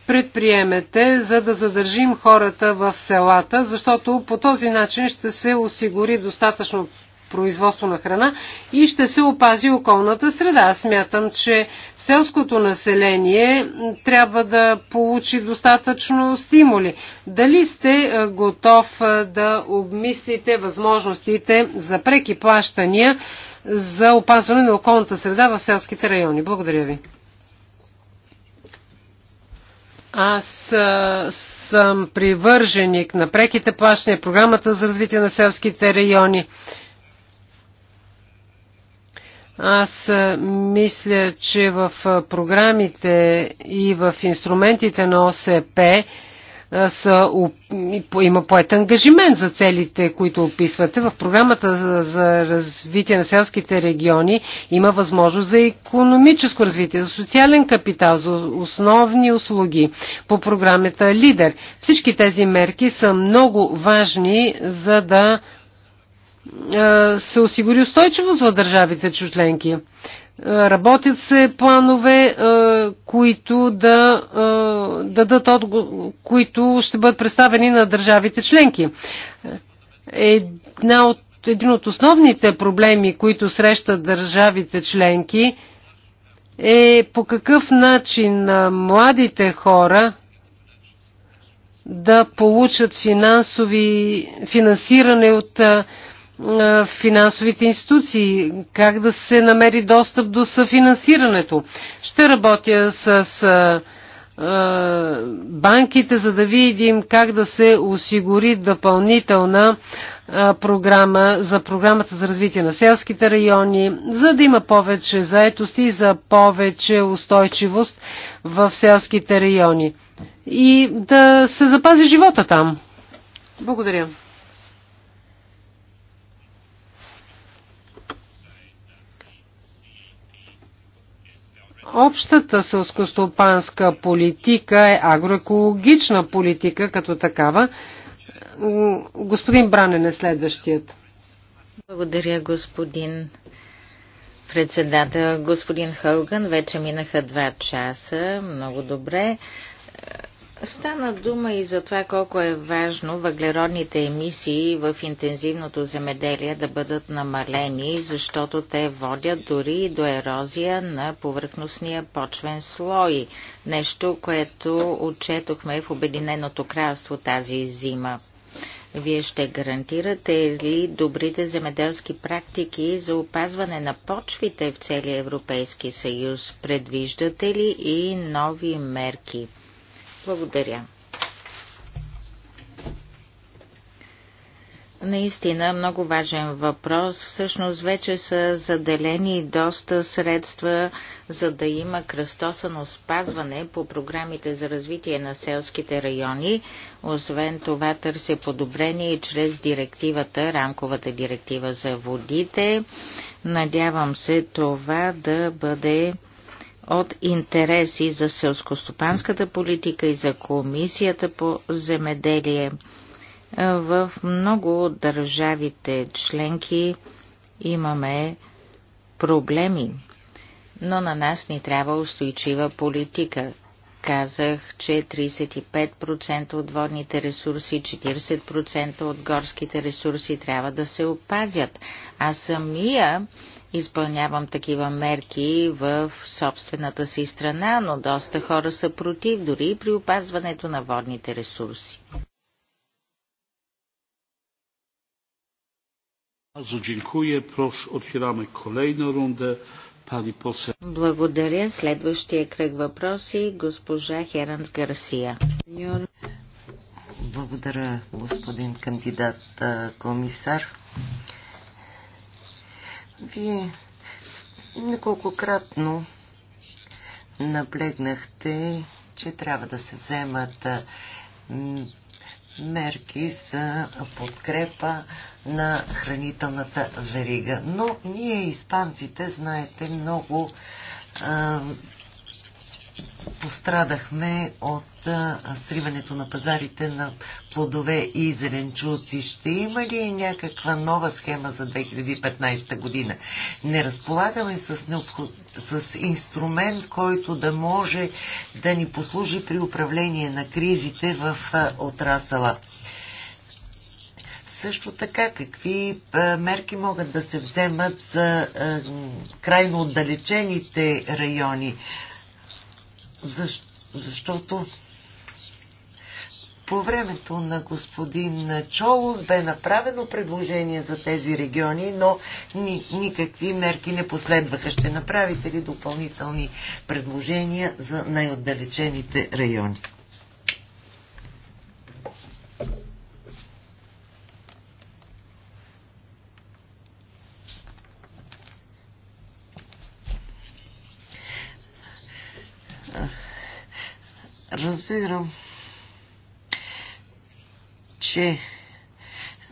предприемете, за да задържим хората в селата, защото по този начин ще се осигури достатъчно производство на храна и ще се опази околната среда. Аз смятам, че селското население трябва да получи достатъчно стимули. Дали сте е, готов е, да обмислите възможностите за преки плащания за опазване на околната среда в селските райони? Благодаря ви. Аз съм привърженик на преките плащания, програмата за развитие на селските райони. Аз мисля, че в програмите и в инструментите на ОСП са, има поет ангажимент за целите, които описвате. В програмата за развитие на селските региони има възможност за економическо развитие, за социален капитал, за основни услуги по програмата Лидер. Всички тези мерки са много важни, за да се осигури устойчивост в държавите членки. Работят се планове, е, които да, да е, дадат отговор, които ще бъдат представени на държавите членки. Една от, един от основните проблеми, които срещат държавите членки, е по какъв начин младите хора да получат финансови, финансиране от е, финансовите институции, как да се намери достъп до съфинансирането. Ще работя с банките, за да видим как да се осигури допълнителна програма за програмата за развитие на селските райони, за да има повече заетости и за повече устойчивост в селските райони и да се запази живота там. Благодаря. Общата селскостопанска политика е агроекологична политика като такава. Господин Бранен е следващият. Благодаря, господин председател. Господин Хълган, вече минаха два часа. Много добре. Стана дума и за това колко е важно въглеродните емисии в интензивното земеделие да бъдат намалени, защото те водят дори и до ерозия на повърхностния почвен слой. Нещо, което отчетохме в Обединеното кралство тази зима. Вие ще гарантирате ли добрите земеделски практики за опазване на почвите в целия Европейски съюз? Предвиждате ли и нови мерки? Благодаря. Наистина много важен въпрос. Всъщност вече са заделени доста средства, за да има кръстосано спазване по програмите за развитие на селските райони. Освен това търся подобрение и чрез директивата, рамковата директива за водите. Надявам се това да бъде от интереси за селскостопанската политика и за комисията по земеделие. В много от държавите членки имаме проблеми, но на нас ни трябва устойчива политика. Казах, че 35% от водните ресурси, 40% от горските ресурси трябва да се опазят. А самия изпълнявам такива мерки в собствената си страна, но доста хора са против, дори и при опазването на водните ресурси. Благодаря. Следващия кръг въпроси госпожа Херанс Гарсия. Благодаря, господин кандидат комисар. Вие неколкократно наблегнахте, че трябва да се вземат мерки за подкрепа на хранителната верига. Но ние, испанците, знаете много пострадахме от а, сриването на пазарите на плодове и зеленчуци. Ще има ли някаква нова схема за 2015 година? Не разполагаме с, необход... с инструмент, който да може да ни послужи при управление на кризите в а, отрасъла. Също така, какви мерки могат да се вземат за крайно отдалечените райони? Защо, защото по времето на господин Чолос бе направено предложение за тези региони, но ни, никакви мерки не последваха. Ще направите ли допълнителни предложения за най-отдалечените райони? разбирам, че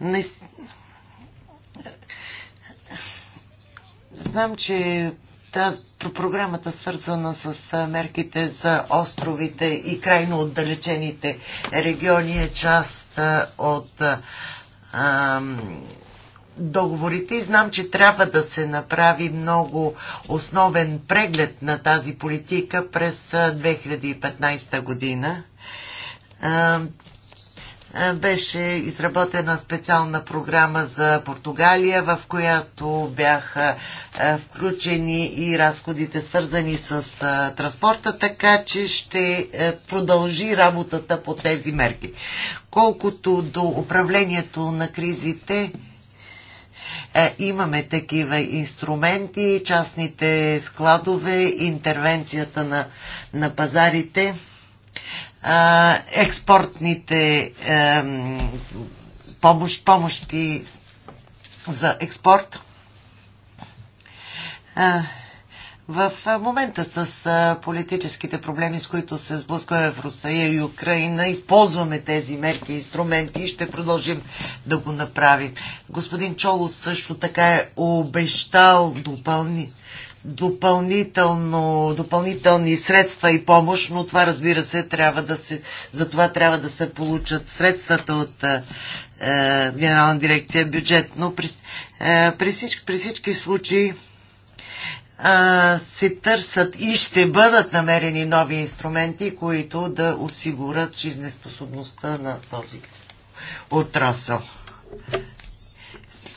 не... знам, че тази програмата свързана с мерките за островите и крайно отдалечените региони е част от договорите и знам, че трябва да се направи много основен преглед на тази политика през 2015 година. Беше изработена специална програма за Португалия, в която бяха включени и разходите свързани с транспорта, така че ще продължи работата по тези мерки. Колкото до управлението на кризите, е, имаме такива инструменти, частните складове, интервенцията на, на пазарите, е, експортните е, помощ, помощи за експорт в момента с политическите проблеми, с които се сблъскваме в Русия и Украина, използваме тези мерки и инструменти и ще продължим да го направим. Господин Чолос също така е обещал допълни, допълнително, допълнителни средства и помощ, но това разбира се трябва да се, за това трябва да се получат средствата от е, Генерална дирекция бюджет. Но при, е, при, всички, при всички случаи а, се търсят и ще бъдат намерени нови инструменти, които да осигурят жизнеспособността на този отрасъл.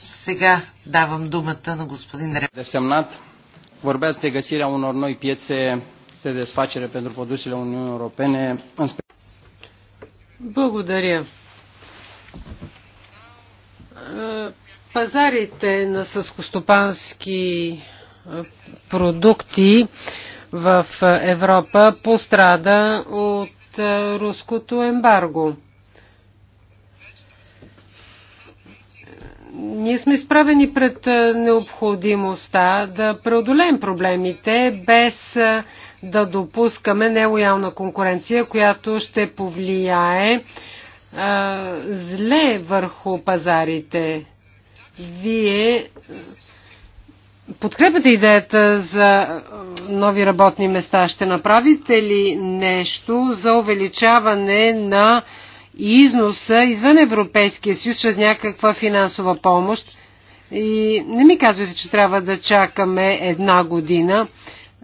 Сега давам думата на господин Реп. Десемнат, vorbeați de găsirea unor noi piețe de desfacere pentru produsele Uniunii Europene. Благодаря. Пазарите на съскостопански продукти в Европа пострада от е, руското ембарго. Ние сме изправени пред е, необходимостта да преодолеем проблемите без е, да допускаме нелоялна конкуренция, която ще повлияе а, зле върху пазарите. Вие подкрепяте идеята за нови работни места? Ще направите ли нещо за увеличаване на износа извън Европейския съюз чрез някаква финансова помощ? И не ми казвате, че трябва да чакаме една година,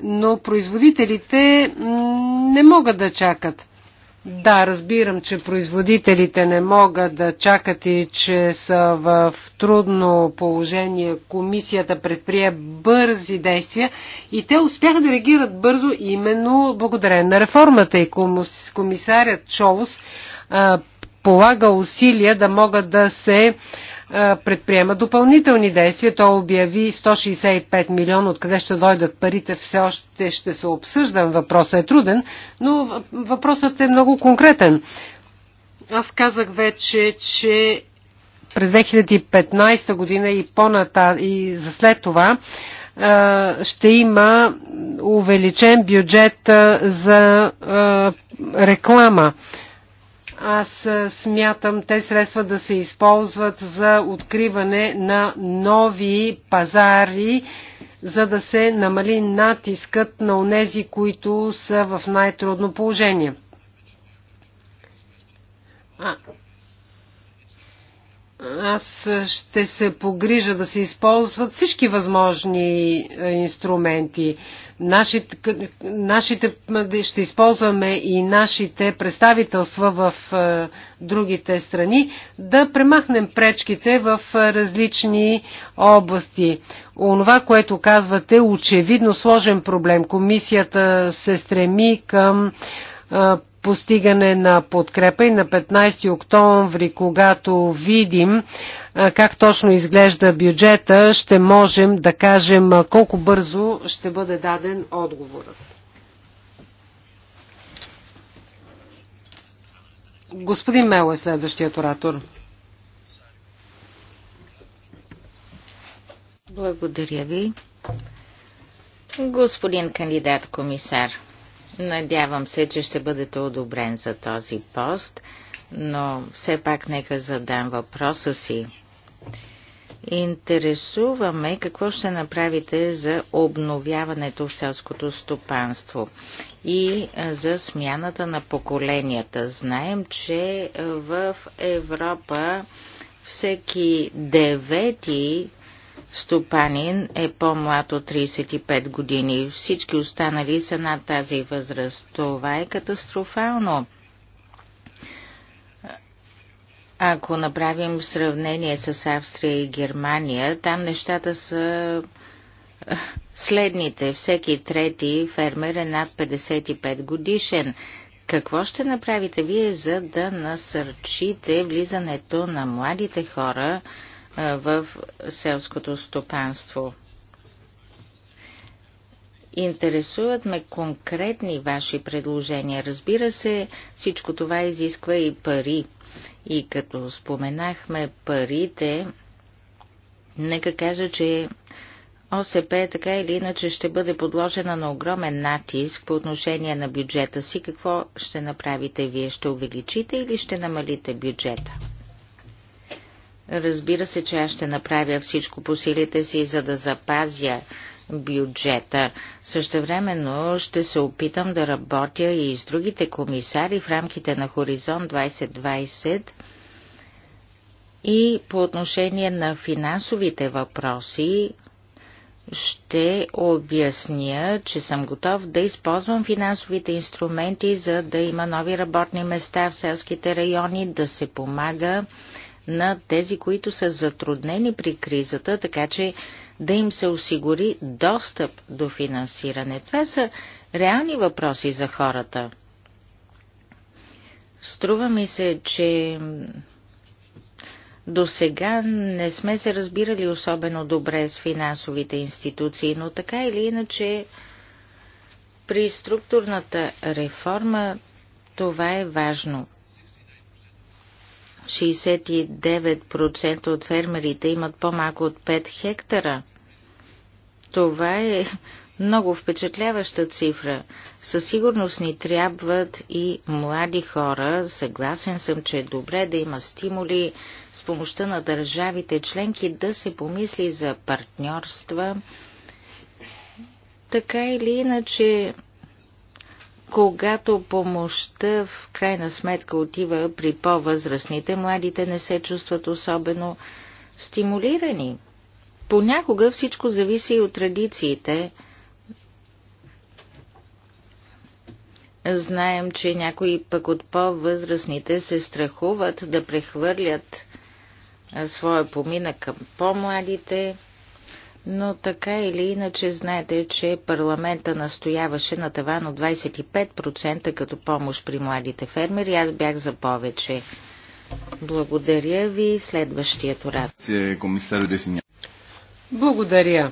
но производителите не могат да чакат. Да, разбирам, че производителите не могат да чакат и че са в трудно положение. Комисията предприе бързи действия и те успяха да реагират бързо именно благодарение на реформата и комисарят Чоус полага усилия да могат да се е, предприема допълнителни действия. Той обяви 165 милиона, откъде ще дойдат парите, все още ще се обсъждам. Въпросът е труден, но въпросът е много конкретен. Аз казах вече, че през 2015 година и по-ната и за след това е, ще има увеличен бюджет е, за реклама. Аз смятам те средства да се използват за откриване на нови пазари, за да се намали натискът на онези, които са в най-трудно положение. А, аз ще се погрижа да се използват всички възможни е, инструменти. Нашите, нашите, ще използваме и нашите представителства в е, другите страни да премахнем пречките в е, различни области. Онова, което казвате, очевидно сложен проблем. Комисията се стреми към постигане на подкрепа и на 15 октомври, когато видим как точно изглежда бюджета, ще можем да кажем колко бързо ще бъде даден отговорът. Господин Мело е следващият оратор. Благодаря ви. Господин кандидат комисар, Надявам се, че ще бъдете одобрен за този пост, но все пак нека задам въпроса си. Интересуваме какво ще направите за обновяването в селското стопанство и за смяната на поколенията. Знаем, че в Европа всеки девети стопанин е по-млад от 35 години. Всички останали са над тази възраст. Това е катастрофално. Ако направим сравнение с Австрия и Германия, там нещата са следните. Всеки трети фермер е над 55 годишен. Какво ще направите вие, за да насърчите влизането на младите хора в селското стопанство. Интересуват ме конкретни ваши предложения. Разбира се, всичко това изисква и пари. И като споменахме парите, нека кажа, че ОСП така или иначе ще бъде подложена на огромен натиск по отношение на бюджета си. Какво ще направите вие? Ще увеличите или ще намалите бюджета? Разбира се, че аз ще направя всичко по силите си, за да запазя бюджета. Същевременно ще се опитам да работя и с другите комисари в рамките на Хоризонт 2020 и по отношение на финансовите въпроси ще обясня, че съм готов да използвам финансовите инструменти, за да има нови работни места в селските райони, да се помага на тези, които са затруднени при кризата, така че да им се осигури достъп до финансиране. Това са реални въпроси за хората. Струва ми се, че до сега не сме се разбирали особено добре с финансовите институции, но така или иначе при структурната реформа това е важно. 69% от фермерите имат по-малко от 5 хектара. Това е много впечатляваща цифра. Със сигурност ни трябват и млади хора. Съгласен съм, че е добре да има стимули с помощта на държавите членки да се помисли за партньорства. Така или иначе, когато помощта в крайна сметка отива при по-възрастните, младите не се чувстват особено стимулирани. Понякога всичко зависи и от традициите. Знаем, че някои пък от по-възрастните се страхуват да прехвърлят своя поминък към по-младите но така или иначе знаете, че парламента настояваше на таван от 25% като помощ при младите фермери. Аз бях за повече. Благодаря ви. Следващият урад. Е, Благодаря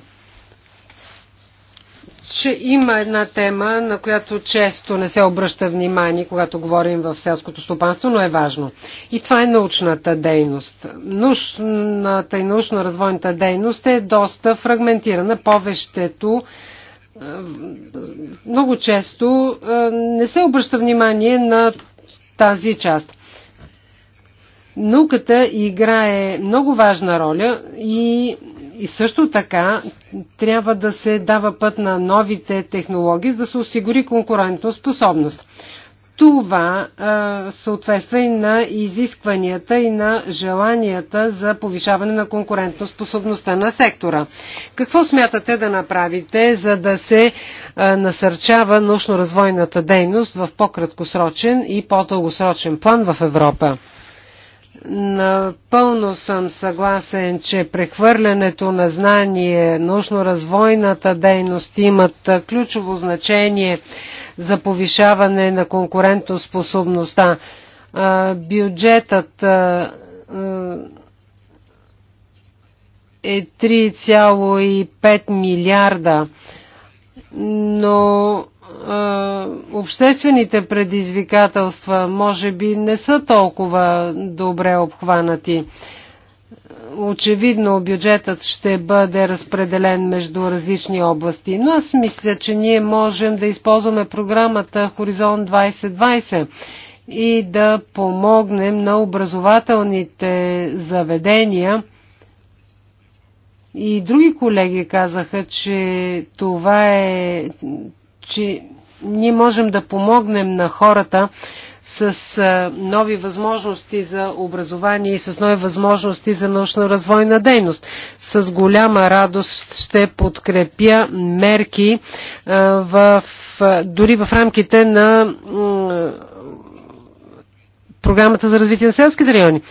че има една тема, на която често не се обръща внимание, когато говорим в селското стопанство, но е важно. И това е научната дейност. Научната и научно-развойната дейност е доста фрагментирана. Повещето е, много често е, не се обръща внимание на тази част. Науката играе много важна роля и и също така трябва да се дава път на новите технологии, за да се осигури конкурентно способност. Това а, съответства и на изискванията и на желанията за повишаване на конкурентоспособността на сектора. Какво смятате да направите, за да се а, насърчава научно-развойната дейност в по-краткосрочен и по-дългосрочен план в Европа? Напълно съм съгласен, че прехвърлянето на знание, научно-развойната дейност имат ключово значение за повишаване на конкурентоспособността. Бюджетът е 3,5 милиарда, но обществените предизвикателства може би не са толкова добре обхванати. Очевидно бюджетът ще бъде разпределен между различни области, но аз мисля, че ние можем да използваме програмата Хоризонт 2020 и да помогнем на образователните заведения. И други колеги казаха, че това е че ние можем да помогнем на хората с нови възможности за образование и с нови възможности за научно-развойна дейност. С голяма радост ще подкрепя мерки в, дори в рамките на програмата за развитие на селските райони.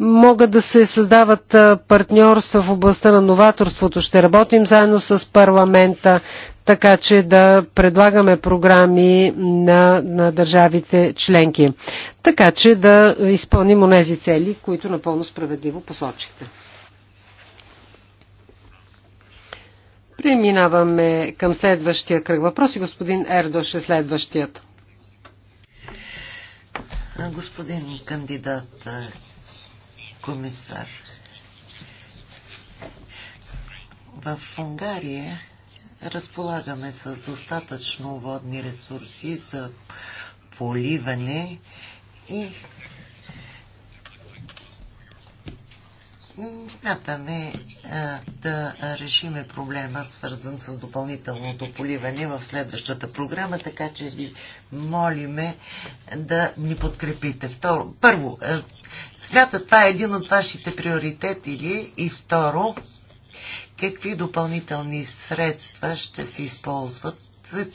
Могат да се създават партньорства в областта на новаторството. Ще работим заедно с парламента, така че да предлагаме програми на, на държавите членки, така че да изпълним онези цели, които напълно справедливо посочихте. Преминаваме към следващия кръг въпроси. Господин Ердош е следващият. Господин кандидат е, комисар, в Унгария разполагаме с достатъчно водни ресурси за поливане и смятаме да решиме проблема, свързан с допълнителното поливане в следващата програма, така че ви молиме да ни подкрепите. Второ, първо, смята това е един от вашите приоритети ли? И второ, какви допълнителни средства ще се използват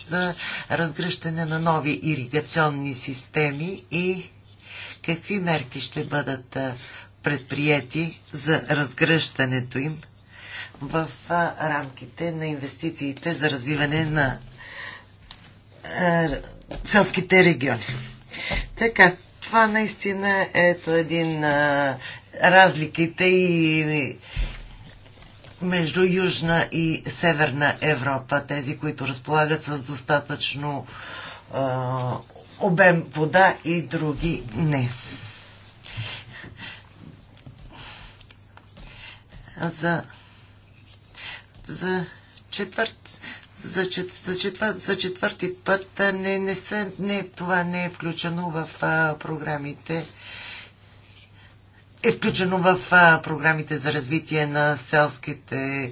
за разгръщане на нови иригационни системи и какви мерки ще бъдат предприяти за разгръщането им в рамките на инвестициите за развиване на селските региони. Така, това наистина ето един а, разликите и между Южна и Северна Европа, тези, които разполагат с достатъчно е, обем вода и други не. За, за четвърт за, чет, за, четвър, за четвърти път не, не се, не, това не е включено в а, програмите е включено в програмите за развитие на селските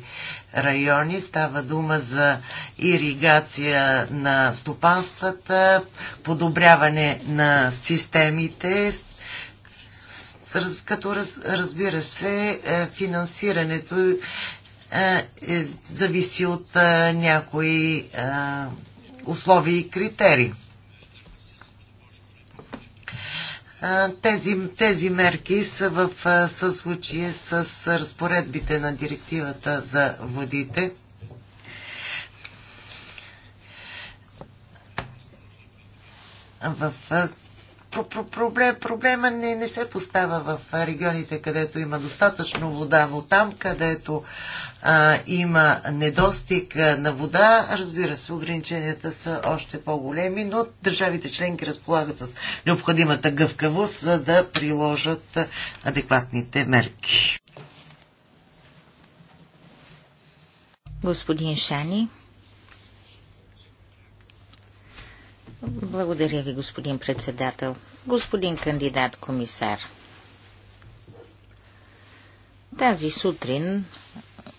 райони. Става дума за иригация на стопанствата, подобряване на системите, като разбира се е, финансирането е, е, зависи от някои условия и критерии. тези, тези мерки са в съзвучие с разпоредбите на директивата за водите. В проблем, проблема не, не се поставя в регионите, където има достатъчно вода, но там, където а, има недостиг на вода, разбира се, ограниченията са още по-големи, но държавите членки разполагат с необходимата гъвкавост, за да приложат адекватните мерки. Господин Шани. Благодаря ви, господин председател. Господин кандидат комисар, тази сутрин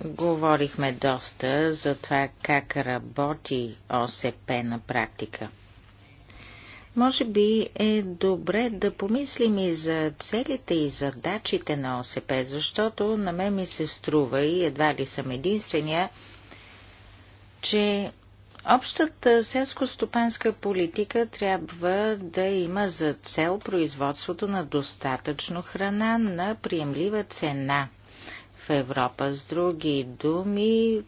говорихме доста за това как работи ОСП на практика. Може би е добре да помислим и за целите и задачите на ОСП, защото на мен ми се струва и едва ли съм единствения, че Общата селско-стопанска политика трябва да има за цел производството на достатъчно храна на приемлива цена в Европа. С други думи,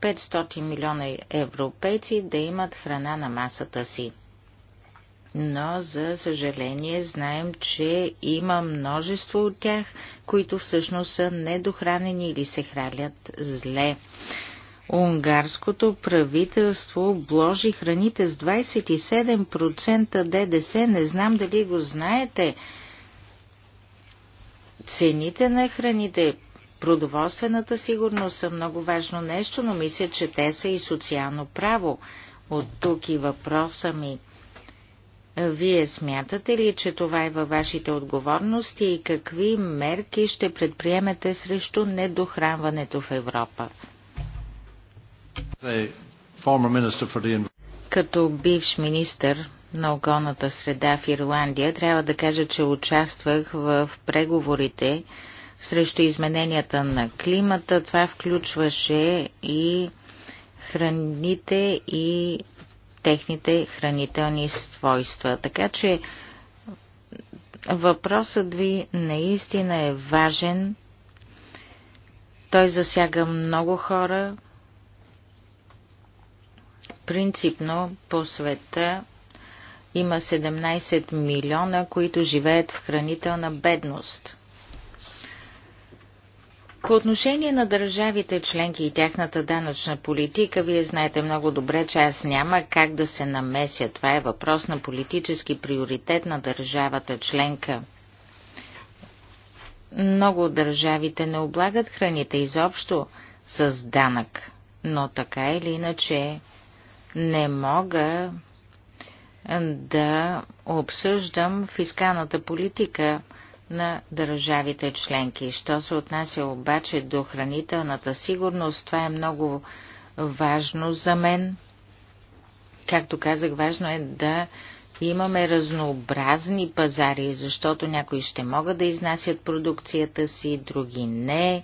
500 милиона европейци да имат храна на масата си. Но, за съжаление, знаем, че има множество от тях, които всъщност са недохранени или се хранят зле унгарското правителство обложи храните с 27% ДДС. Не знам дали го знаете. Цените на храните, продоволствената сигурност са много важно нещо, но мисля, че те са и социално право. От тук и въпроса ми. Вие смятате ли, че това е във вашите отговорности и какви мерки ще предприемете срещу недохранването в Европа? Като бивш министър на околната среда в Ирландия, трябва да кажа, че участвах в преговорите срещу измененията на климата. Това включваше и храните и техните хранителни свойства. Така че въпросът ви наистина е важен. Той засяга много хора, Принципно по света има 17 милиона, които живеят в хранителна бедност. По отношение на държавите членки и тяхната данъчна политика, вие знаете много добре, че аз няма как да се намеся. Това е въпрос на политически приоритет на държавата членка. Много от държавите не облагат храните изобщо с данък, но така или иначе не мога да обсъждам фискалната политика на държавите членки. Що се отнася обаче до хранителната сигурност, това е много важно за мен. Както казах, важно е да имаме разнообразни пазари, защото някои ще могат да изнасят продукцията си, други не.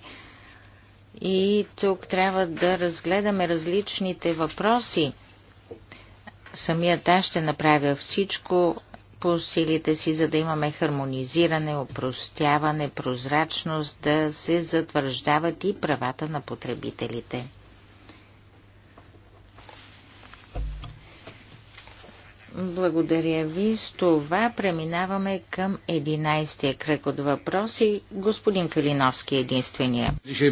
И тук трябва да разгледаме различните въпроси самият аз ще направя всичко по силите си, за да имаме хармонизиране, опростяване, прозрачност, да се затвърждават и правата на потребителите. Благодаря ви. С това преминаваме към 11-я кръг от въпроси. Господин Калиновски е единствения. Е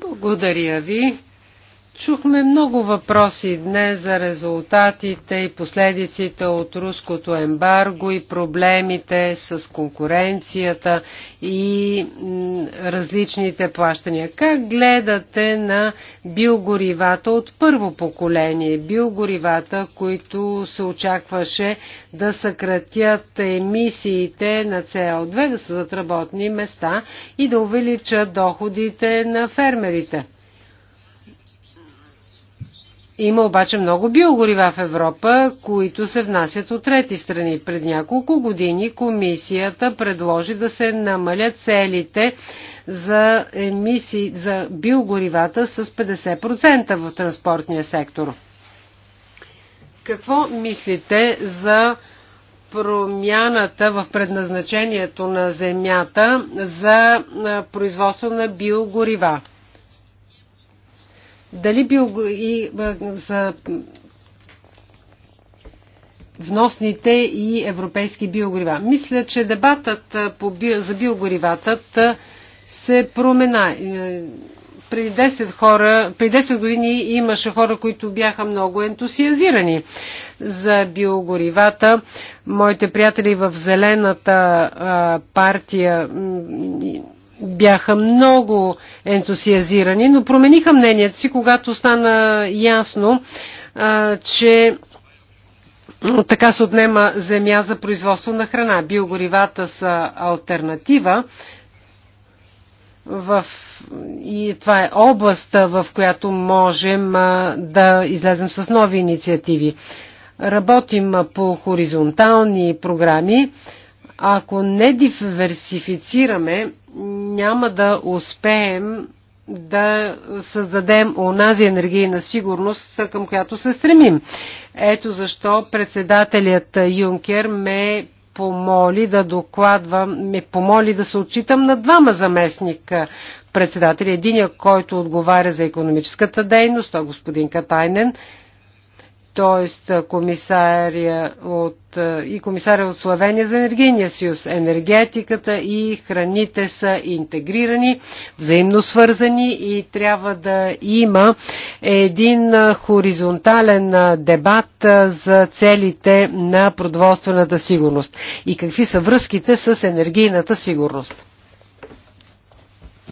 Благодаря ви. Чухме много въпроси днес за резултатите и последиците от руското ембарго и проблемите с конкуренцията и различните плащания. Как гледате на биогоривата от първо поколение? Биогоривата, които се очакваше да съкратят емисиите на CO2, да създадат работни места и да увеличат доходите на фермерите. Има обаче много биогорива в Европа, които се внасят от трети страни. Пред няколко години комисията предложи да се намалят целите за, емисии, за биогоривата с 50% в транспортния сектор. Какво мислите за промяната в предназначението на земята за производство на биогорива? Дали бил и, за вносните и европейски биогорива. Мисля, че дебатът за биогоривата се промена. Преди 10, хора, преди 10 години имаше хора, които бяха много ентусиазирани за биогоривата. Моите приятели в Зелената партия бяха много ентусиазирани, но промениха мнението си, когато стана ясно, а, че така се отнема земя за производство на храна. Биогоривата са альтернатива в, и това е област, в която можем да излезем с нови инициативи. Работим по хоризонтални програми. Ако не диверсифицираме няма да успеем да създадем онази енергийна сигурност, към която се стремим. Ето защо председателят Юнкер ме помоли да докладвам, ме помоли да се отчитам на двама заместника председатели. Единия, който отговаря за економическата дейност, той е господин Катайнен, т.е. комисария от, и комисаря от Словения за енергийния съюз. Енергетиката и храните са интегрирани, взаимно свързани и трябва да има един хоризонтален дебат за целите на продоволствената сигурност и какви са връзките с енергийната сигурност.